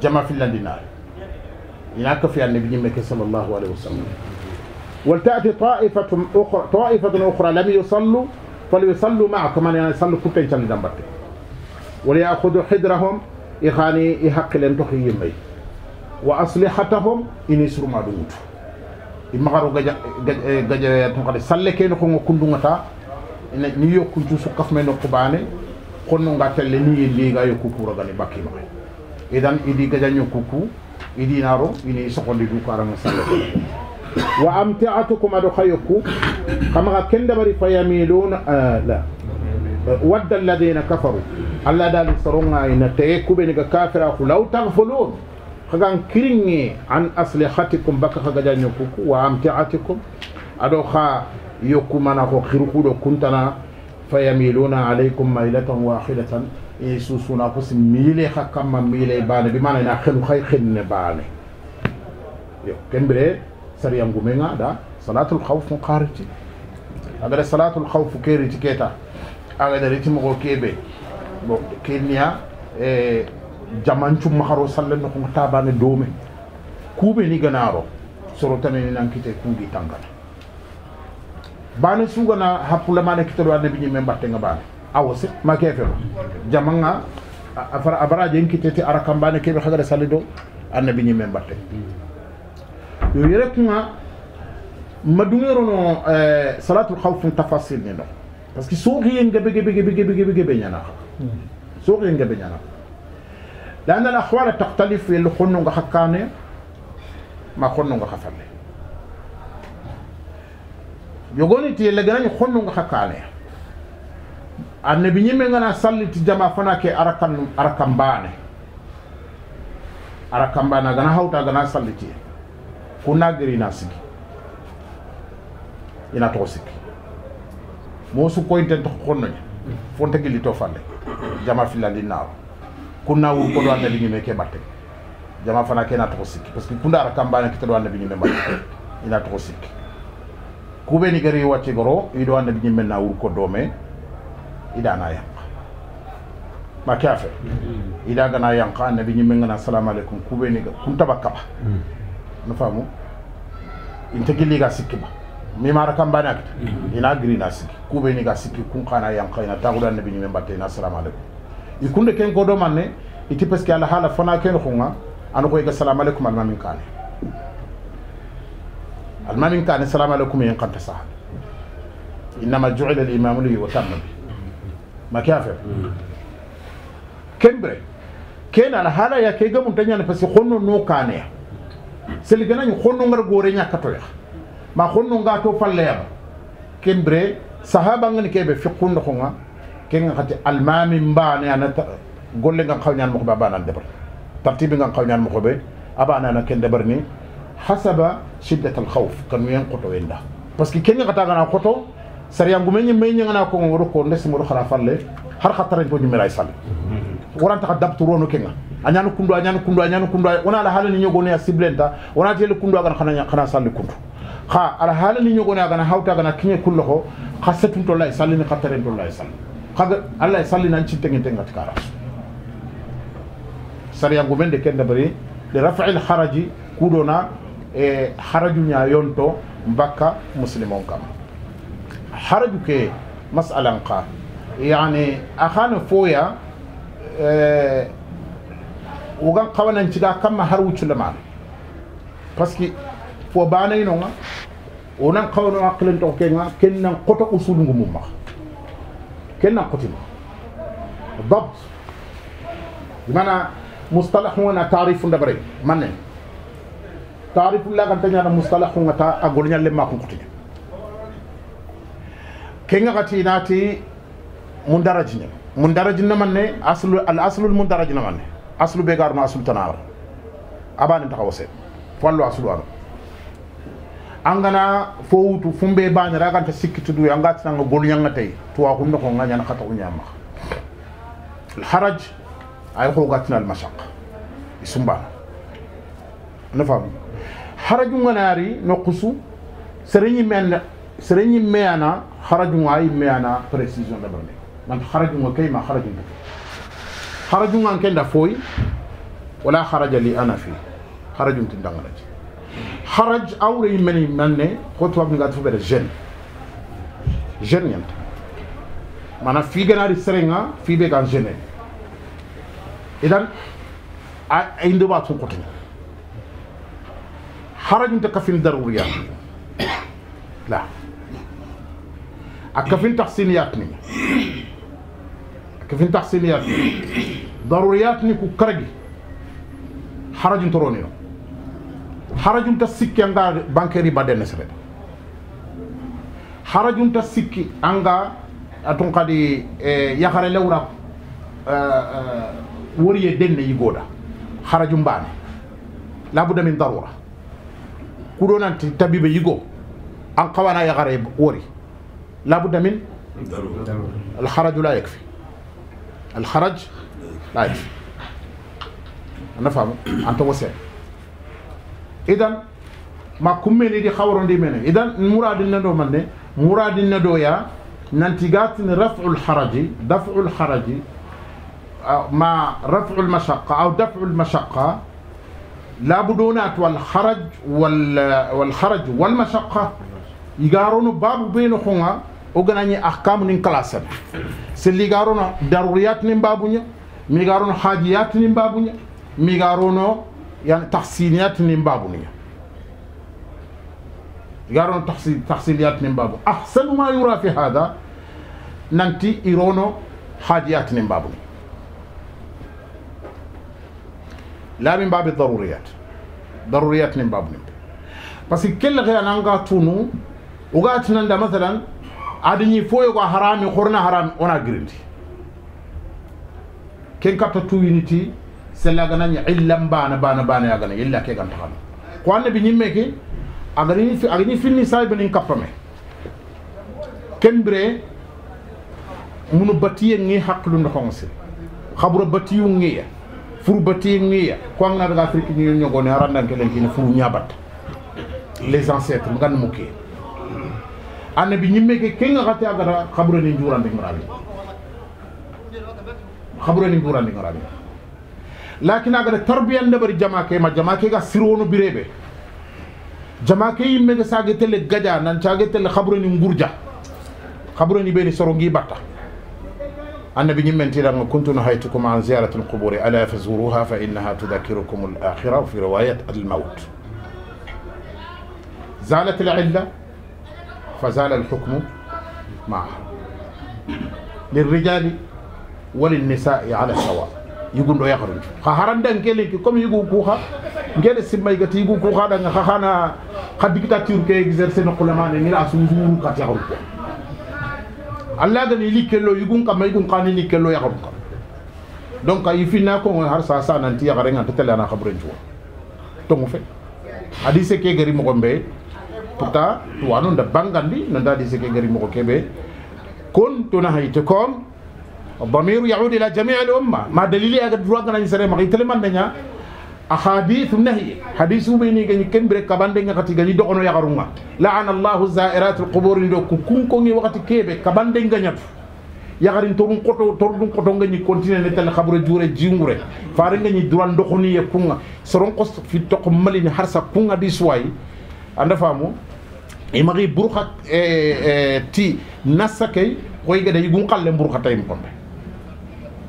jama fillandinare ina kafi annabi ñimme ke sallallahu alayhi wa sallam ولتأتي طائفة أخرى طائفة أخرى لم يصلوا فليصلوا معك من يعني يصلوا كتين شان دمبتي وليأخذوا حذرهم إخاني إحق لن تخي يمي وأصلحتهم إني سرما دوت إما غارو غجا غجا تنقل سلكي نكون كندوغتا ni yokkuncu sukkaf men no kubane honno ngatelle ni yelli ga yokku kuragani bakkima idan idi gajaño kuku idi naro ini sogondi du karanga salle wa amti'atukum adu khayku kama ga kende bari fayamiluna la wadda alladhina kafaru alla dalu saronga ina tayekube ni ga kafira khulaw taghfulun hagan kirinŋe an aslihatikum bakka hagaja ñokkuku wa amtiatikum aɗo ha yokkumana ko hirkuɗo kuntana fayamiluna alaykum mailatan wahidatan e susuna kosi miile ha kamma miile baane bimana ina henu hay henne baane yo kembire sariyangumenga da salatul hawf mo kariti agada salatul hawf keriti keta agada riti mogo keɓe bon kenniya e jamancum maharo salle no kon tabane dome kuɓe ni ganaro soro tanani nankite kuuɗi tangana bane sugana happulamane kitoɗo annabi ñimme mbattenga bane awose ma kefelo jamanga a fara a baraje en kitete ara kambane keɓe hagara salle do annabi ñimme mbatte yo yere kuga ma dugerono salatul hawfum tafasil ni no par ce que sooxiyen geɓe geɓe geɓe geɓe geɓe geɓe ñanaka sooxiyen geɓe ñanaka لأن الأحوال تختلف يلي خنو خكاني ما خنو خفلي يقولي تي يلي غناني خنو خكاني annabi ñimme ngana salliti jama fana ke arakan arakan baane arakan baane gana hawta gana salliti kuna giri na sigi ina to sigi mo su koyte to xonno fonta gili to falle jama filali naaw kunna wur ko ɗo annabi ñume ke batte jama fana ke na toxo sikki parce que kundara kambane kita ɗo annabi ñume batte ina toxo sikki kuɓeni gari wacce goro iɗo annabi ñimme na wur ko dome iɗana yanka ma ke a fe ida gana yanka annabi ñimme ngana salamu aleykum kuɓeni kun taɓa kaɓa no faamu in tegilliga sikki ba mimara kambane a kita ina giri na sikki ni ga sikki kun kana yanka ina taxuɗo annabi ñume mbatte ina salamu aleykum ikunde ken godo manne iti peske ala hala fona ken khunga anu ko ga salam alaikum al mamin kane al mamin kane salam alaikum yin qanta sa inma ju'ila al imam li wa tamma ma kafir kembre ken ala hala ya ke ga mun tanya peske khonno no kane seligana ni khonno ngar gore nya katoya ma khonno nga to falle ya kembre sahaba ngani kebe fiqun khunga kenga khati almami mbane ana golle ngan xawñan mo xobe abana debar tartibi ngan xawñan mo xobe abana ana ken debar ni hasaba shiddat al khawf kan yen qoto wenda parce que kenga khata ngana qoto sariya ngume ni me ngana ko ngoro ko ndes mo khara falle har khataren ko nyimira isal woran ta dabtu rono kenga anyanu kundu anyanu kundu anyanu kundu ona la halani nyogo ne siblenta ona tele kundu agan khana khana salli kundu kha ala halani nyogo ne agan hawta agan kinye kullo kha satun to la isal ni khataren to la isal kaga allah e sallinan cinteŋinte ngati kara sariyangu men de ken dabari li rafil haraji kuɗona e haraju ñayonto bakka muslim on kam haraju ke masalan ka yani axane foya wogan xawananciga kamma har wucculemaano parce que fo banayinonga wonan xawano aqilentoxo kenga ken nan xoto usulungu mum maxa كلمة قتل الضبط بمعنى مصطلح هنا تعريف دبري من نعم؟ تعريف الله كان تنيا مصطلح هنا أقولنا لما كن قتل كنا قتي ناتي مندرجنا مندرجنا من نعم؟ أصل الأصل المندرجنا من نعم؟ أصل بيجار ما أصل تناور أبان تقوسه فلو أصل أنا angana fowutu fumbe banira aganta sikkitudu anga tinanga golñanga tay tuwa kunde ko gañana xata u ñamaxa alharaj ay xoogatina almasaq i sumbana na faamu haraju nganaari no qusu sereñimme an sereñimme ana harajunga meana yimme ana précision dabarne nanta harajunga kayma harajunta harajunga an ke nda fooy wala haraja li ana fi harajunti ndanganaji حرج أو ري مني مني خطوة من قد فبرة جن جن ينت ما أنا في جناري سرنا في بيجان جن إذن عندو باتون قطني حرج أنت كفين ضرورية لا أكفين تحسين ياتني أكفين تحسين ياتني ضرورياتني كو كرجي حرج ترونيه harajunta sikki anga banque riba denesrede harajunta sikki anga atun kadi e yahare lewra woriye denne yigoɗa haraju mbane labuda min darura kuɗo nanti tabibe yigo an kawana yahare wori labuda min alharaju la yakfi alharaj la yakfi ana famu an togo seeɗa idan ma kummeni di hawrondi mene idan muradinne ɗo manne muradinne ɗo ya nantigatini rafu lharaji dafu lharaji ma rafu lmashaqa aw dafu lmashaqa labudonat walharaj walharaj walmashaqa igarono babu beno honga o ganañi ahkamu nin classene selli garono daruriyat nin babuña migarono hajiyat nin babuña migarono يعني تحسينيات نمبابونية يارون تحسين تحسينيات نمبابو أحسن ما يرى في هذا ننتي إيرونو حاجيات نمبابوني لا من باب الضروريات ضروريات نمبابوني بس كل غير نانغا تونو وغاتنا مثلا أدني فوي وحرامي خورنا حرام أنا ona grindi ken تو يونيتي sella gananya illam bana bana bana ya gana illa ke ganta kana ko annabi nyimme ke agani fi agani finni saybe nin kappame kembre munu batiye ngi haklu ndo konsi khabru batiyu ngi ya furu batiye ngi ya ko ngana daga afrique ni nyogo ne harandan ke len furu nyabat les ancêtres ngan mukke annabi nyimme ke kenga khati agara khabru ni jurande ngarabi khabru ni jurande ngarabi لكن أجر التربية اللي جماكي ما جماكي غا سيرونو بريبة جماكي يم مجا ساجت اللي جدا نان ساجت اللي خبره نمبرجا خبره نبي سرونجي باتا أنا بني من ترى ما كنت نهايتكم عن زيارة القبور ألا فزوروها فإنها تذكركم الآخرة وفي رواية الموت زالت العلة فزال الحكم معها للرجال وللنساء على سواء ndo yakaru kha haranda ngeli ki comme yugu ku kha ngeli simay gati yugu ku kha da nga khana kha dictature ke exercer no kulama ne ngira asuzuru kat ka tiaru allah gani likello yugun kam yugun qani likello yakharun yakaru donc ay na ko har sa sa nanti yakare nga tele na khabren jo to mo fe hadise ke gari mo gombe pourtant to wanu da bangandi nanda hadise ke gari mo ko kebe kon to na hayte kom الضمير يعود إلى جميع الأمة ما دليلي أقد رواقنا يسري مغي تلمان دنيا أحاديث النهي حديث بيني غني كن بريك كبان دنيا غتي غني دقنو يغرونغا لعن الله زائرات القبور ندو كون كوني وقت كيبه كبان دنيا yagarin torun koto torun koto nga ni kontine ne tan khabure jure jingure faare nga ni duran dokoni ye kunga soron ko fi tok mali ni harsa kunga di suway anda famu e magi burkha e ti nasakay koy ga day gun khalle burkha tay mo kombe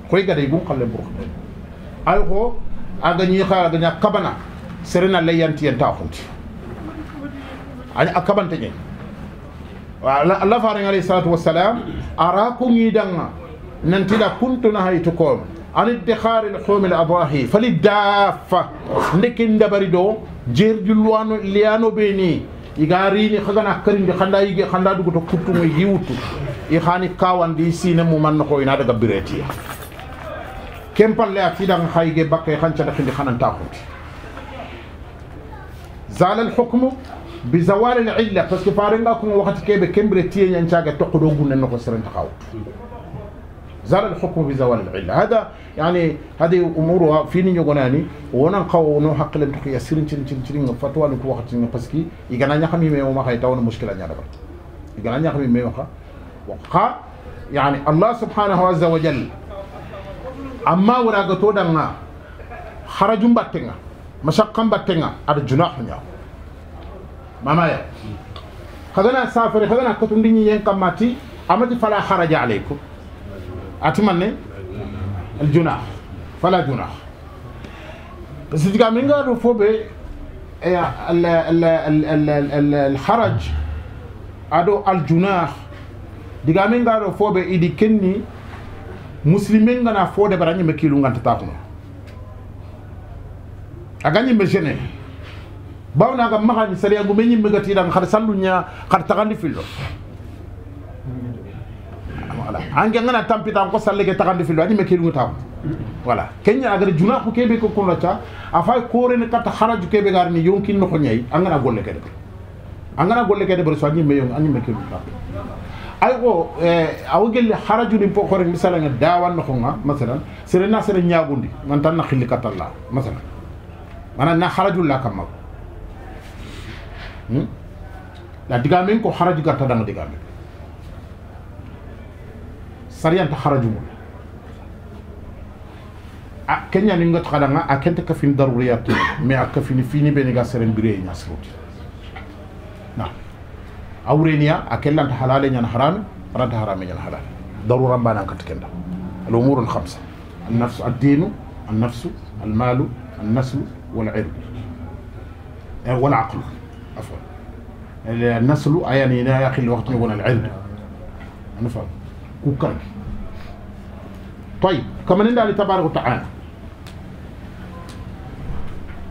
koy gada igun kalle buru ay ko aga ñi xara ga ñak kabana serena lay yanti yanta xunti ani akabante ñi wala allah faare alayhi salatu wassalam araku ñi danga nantila kuntuna haytukum an iddihari lhumi l adahi fali daffa ndeke ndabari do jeerju luwano liyano ɓe ni iga rini hagana karindi handa yige handa dugoto kuttugo yi wuttu i hani kawandi sine muman noxo ina daga biretiya كم palle a fidan hayge bakke hanca dakindi hananta huti zala alhukmu bi zawal alilla parce que farenga kuma wakati kebe kembire tiye ñancaga toqoɗo gunne noko serenta hawtu زال الحكم بزوال العلة هذا يعني هذه أمور فيني نيجوناني وانا قاو نو حق لم تكي يسيرين تين تين تين فتوى نكو وقت نبسكي يجانا نحمي ميو ما خي تاون مشكلة نيا دبر يجانا نحمي ميو خا وقا يعني الله سبحانه عز وجل amma wara ga to danga harajum battenga masakkan battenga ar junah nya mama mamaya kagana safari kagana katundi ni yen kamati amati fala haraja alaykum atimanne al junah fala junah sidiga minga do fobe ال ال ال ال الحرج ادو الجناح diga min garo fobe idi kenni muslimin ngana fo de barani me kilu nganta taxuma agani me jene bawna ga maxani sari angu me ñimme gati dang xar sallu nya xar taxandi fillo voilà ange ngana tampita ko salle ke taxandi fillo ani me kilu ngata voilà kenya agar juna ko kebe ko kono ta afay kore ne kata kharaju kebe garni yonkin no ko nyai angana golle kede angana golle kede bar so ani me yong ani me kilu ngata aygo eh, awo gelli harajuni po nga misalange dawanno nga masalan sere na sere nyaagundi man tan na katal la masalan mana na la kam mago na hmm? digamen ko haraju garta danga digamen ta haraju mo a keñani ngot xadanga a kente kafin daruriyat mais a ka fini ɓeniga seren bireyeña seroti أورينيا أكلنا تحلالي نحن حرامي أنا تحرامي نحن حلال ضرورة بنا كتكندا الأمور الخمسة النفس الدين النفس المال النسل والعرض أه، والعقل عفوا النسل أي يعني يا أخي الوقت يبون العرض نفهم كوكان طيب كما نندى لتبارك وتعالى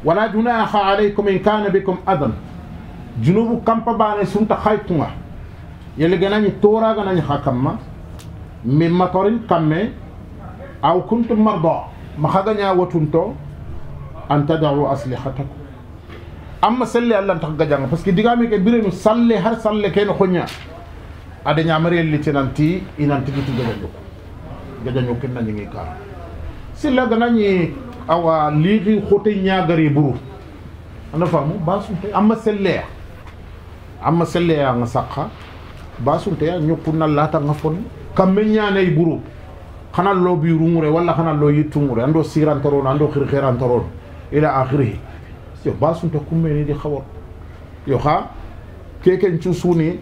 ولا جناح عليكم إن كان بكم أذن junubu kampa bane sunta khaytunga yele ganani tora ganani hakamma mi matorin kamme aw kuntum marda ma khaganya watunto an tad'u aslihatakum amma salli allah tak gajanga parce que digame ke birenu salle har salle ken khonya ade nyamare li tenanti inanti gitu gajanyo gajanyo ken nani ngi kar silla ganani awa liqi khote nyaagari buru ana famu basu amma salli amma selleya nga sakha basunteya ñokkunna lata nga fon kamme ñanayi buru xana lo birungure walla xana lo yittungure ando sirantorono ando xirxerantorono ila axirihi yo basunte kummeni di xawor yo xa keken cusuni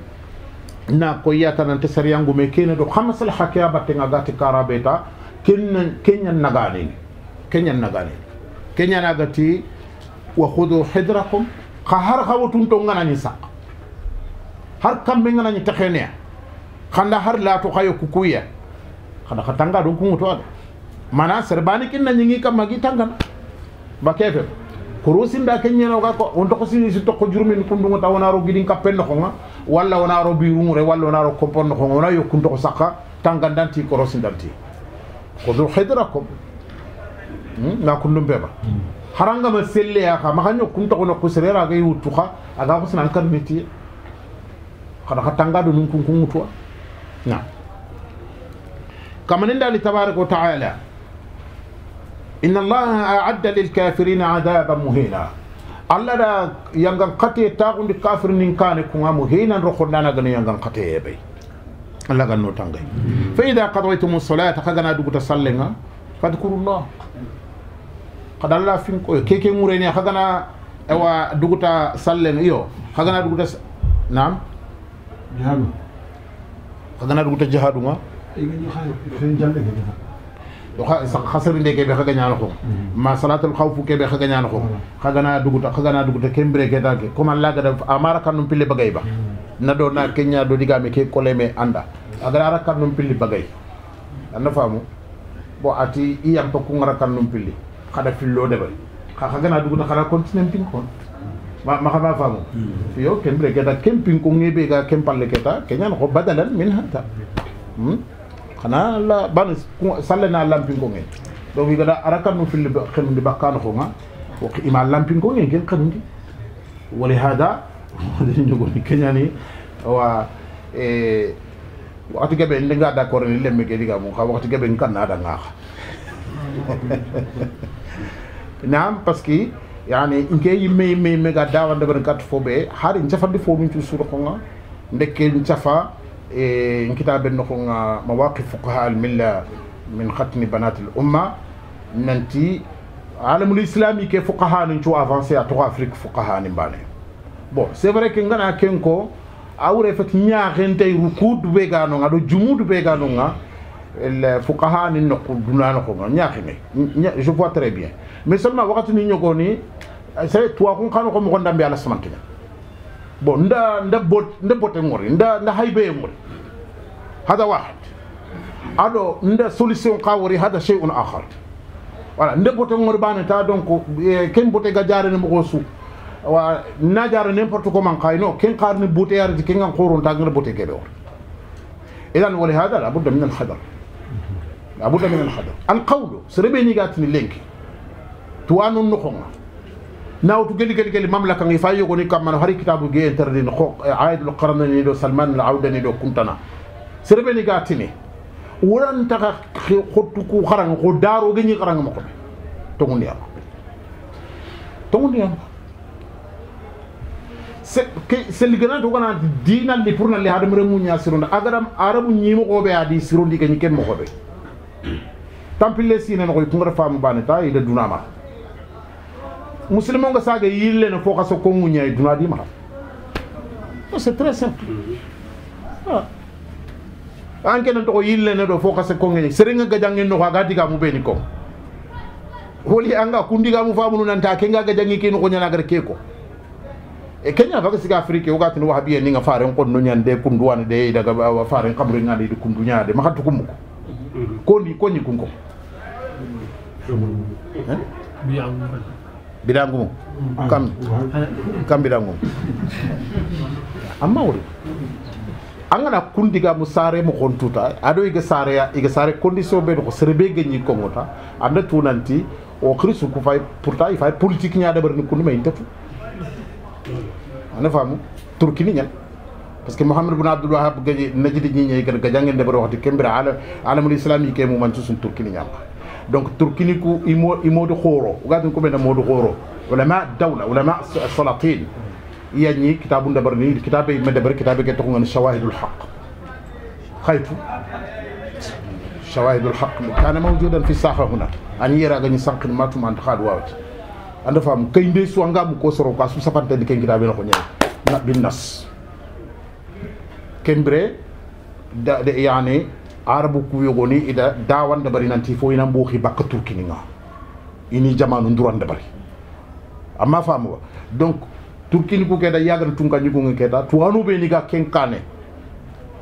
na koyiyatanante sariyangume kene do xa masalaxa ke a battenga gati karabeta keñan naganeni keñan naganeni keñanagati wa xudu xidrakum xa har xawotun to nganani saq har kambe ngana ni takhene khanda har la to khayo kukuya khanda khatanga dun kungu to mana serbani kin na nyingi kam magi tangana ba kefe kurusin da kenye no ga ko on to kosini si to ko jurmi ni kundu ngata wona ro gidin kapen no khonga walla wona ro biru re walla wona ro kompon no khonga wona yo kundu ko sakka tangandanti korosin danti khudhu hidrakum na kundum beba haranga ma selle ya kha ma ganyo kuntu ko no kusrera ga yutu kha aga ko sanan kan metiye kada katanga do nunkun kun mutuwa na kamanin da li tabaraka ta'ala ان الله اعد للكافرين عذابا مهينا الله دا يانغان قتي تاغون دي كافر نين كان كون مهينا روخو نانا غن يانغان قتي بي الله غن نوتانغاي فاذا قضيتم الصلاه خغنا دوغتا صلينا فذكروا الله قد الله فين كو كيكي موريني خغنا ايوا دوغتا صلينا يو خغنا دوغتا نعم jihadu kagana ɗuguta jihadu ma khasirinde keɓe xa gañano xon ma salatul xawfu keɓe xa gañano xon xagana duguta xagana duguta ke mbire ke dage comme a lagada amara kan num pille bagay ba na do na ke ñaado digame ke koleme anda agara rakan num pilli bagay anna faamu bo ati iyam to ku ngara kan num pilli xada fillo deɓari xa xagana duguta xada continuer pin kon maxama faamu iyo ken ɓe geta ken pinkunge ɓe ga ken palle keta keñan xo badalan min hata xana la ban sallena lampinkonge donc igada arakan no fil xenundi ɓakkano xonga ima lampinkonge ken xenundi wali hada den jogoni keñani wa waxtu gaɓe ndenga d' accord ni lemme ke diga mum xa waxtu gaɓe n kannaɗa ngaaxa naam parce que يعني إنكي مي مي مي مي قد دعوة دبر قد فوبي هار انتفا دي فوبي انتو سورة قونا نكي انتفا انكتاب إيه، انو قونا مواقف فقهاء الملة من ختم بنات الأمة ننتي عالم الإسلام كي فقهاء ننتو أفانسي أتوغ أفريك فقهاء نمباني بو سيفري كنغانا كنكو أول فت نيا غنتي ركود بيغانو غادو جمود بيغانو غا الفقهاء ننقل دونانو غا نيا جو فوا تري بيان mais seulement wakati ni ñogoni sere tuwa kun kanu ko mo gonda mbi ala samantiga bon nda nda bot nda bote ngori nda nda haybe ngori هذا واحد ado nda solution qawri hada shay'un akhar wala nde bote ngor bana ta donc ken bote ga jarane mo su wa na jara n'importe comment kayno ken qarni bote yar ken ngan qorun ta ngar bote gebe idan wala hada la budda min al khadar la budda min al khadar al qawlu sirbeni gatni lenki tuwanu nukhonga naw tu geli geli geli mamlaka ngi fayo goni kamano hari kitabu ge interdi no aidul qarnani do salman al awdani do kuntana serbe ni gatini wuran taka khottu ku kharang ko daro ge ni kharang mako to ngundi am to ngundi am se ke sel gana to kana dina li purna li hadam remu nya sirunda agaram arabu nyimo ko be adi sirundi ge ni ken mako be tampile sinen ko ko ngara famu baneta ida dunama muslimo nga saga yille no fo kaso ko ngunya e eh, dunadi ma c'est oh, très simple ah. ah. an kenan to yille ne do fo kaso ko ngunya serenga ga jangen no ga diga mu beni ko holi anga kundiga mu famu nan ta kenga ga jangi kinu ko nyana gar ke ko e kenya vaga siga afrique wogati no wahabiye ni nga faren kon no nyande kum duwane de daga faren kabri ngade de kum dunyade ma hatu kum ko mm-hmm. ko ni ko ni kum ko eh? biɗa ngumo kam kam biɗa ngumo amma wori angana kundiga mu sare mo hontuta aɗo iga sareya iga sare condition ɓe ko sere be geñi kongota anda tunanti o kristu ko fay pourtant il fay politique ñaɗaɓarani kunduma in tatu ana famu turkini ñan par ce que mouhamadou boun abdoul wahab gaji najidi ñiñeyi gada gajangen ndeɓar waxti kembira alamul islami ke mumantu sun turkini ñamka دونك تركينيكو يمود خورو وغادي نكون مود خورو علماء الدوله علماء السلاطين يعني كتاب دبرني الكتاب مدبر كتاب كتقول عن شواهد الحق خايف شواهد الحق كان موجودا في الساحه هنا ان يرى غني سانك ما تم عند خالد واوت انا فاهم كاين دي سوانغا مكوسرو كاسو سافانتي كاين كتاب نخو نيا بالناس كيمبري يعني arabu yogoni ida dawan bari nan fo ina mboxi bakka turkininga ini jamanu nduran bari amma famuwa donc turkini ku keda yagal tunka ñugunge keda tuwanu be ga kenkane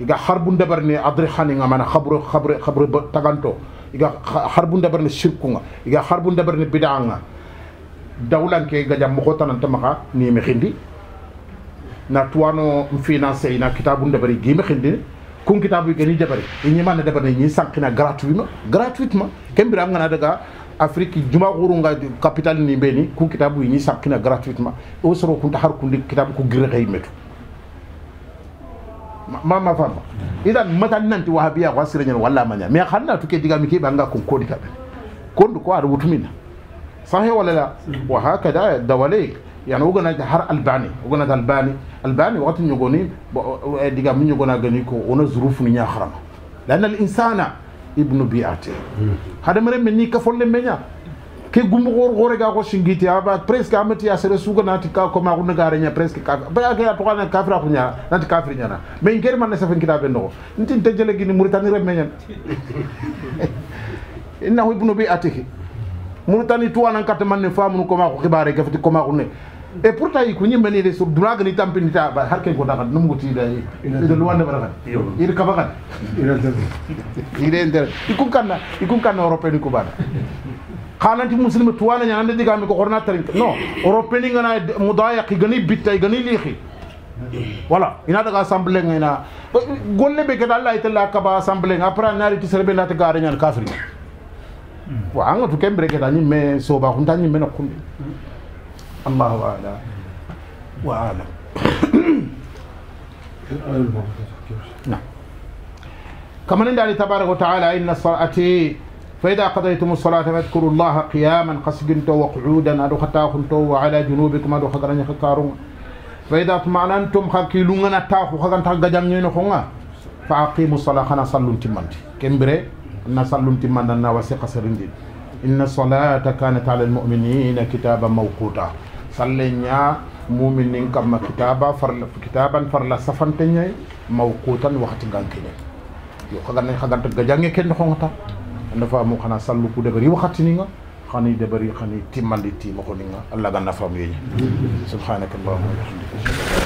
iga harbu dabar ne adri haninga mana khabru khabru khabru taganto iga harbu bari ne nga iga harbu bari ne bidanga dawlan ke ga jam ko tanan tamaka ni mi khindi na tuano finance ina kitabu bari gi mi khindi kunkitabu geni jabari inyimane dabane ni sankina gratuitement gratuitement kembira ngana daga afrique juma xurunga capital ni mbeni kun kitabu ni sankina gratuitement o soro kunta har kundi kitabu ku girexey metu mama fama idan matan nanti wahabiya ko asira nyen walla manya mais xanna tuke diga mi ke banga kun kodi kabe kondu ko ar wutumina sahe wala la wa hakada dawalik yani woganati har albani woganati albani albani wakati ñogoni diga mi ñogona gani ko wona zurufuni ñaharama lan al insana ibnu biate hadamaren men ni kafolle meña ke gumbu gor gore ga ko shingiti aba presque amati asere suga nati ka ko ma ko nagare nya presque ka ba ga to kana kafira ko nya nati kafir nya na me ngere man sa fen kitabe ndo nti tejele gini muritani re menya inna ibnu bi atiki muritani tuwa nan kat man ne famu ko ma ko kibare ga fiti ko ma ko ne Mm. e eh, pourtant yi ko ñimbani de sur droit gani tampini ta ba har ken ko dafa num guti da yi de luwande bara kan ir ka bakan kan na yi kanna kan europe ni ko ba xalanti muslim tuwana ñaan de mi ko xorna tarin non europeen nga na mudayaqi gani bitay gani lihi voilà ina daga assemblée nga ina golle be kata allah italla ka ba assemblée après naari ti serbe ta gaare ñaan kafri mm. wa anga tu kembre ke ñi me soba kunta ñi me no kunde mm. الله أعلى وأعلم نعم كما عند الله تبارك وتعالى إن الصلاة فإذا قضيتم الصلاة فاذكروا الله قياما قسجنتو وقعودا أدو تو وعلى جنوبكم أدو خطرن يخكارون فإذا اطمأننتم خاكي لونغنا تاخو خاكن تاخ غجام نينو خونغا فأقيموا الصلاة خنا صلون تمانتي كمبري أن صلون تمانا وسيقى سرندين إن الصلاة كانت على المؤمنين كتابا موقوتا salle ña muminin kamma kitaba farla kitaban farla safante ñay mawqutan waxti ngankine yo xagana xaganta gajange ken xongata ndafa mu xana sallu ku debari waxati ni nga xani debari xani timandi timo ko ni nga allah ganna fam yeñu subhanakallahumma wa bihamdika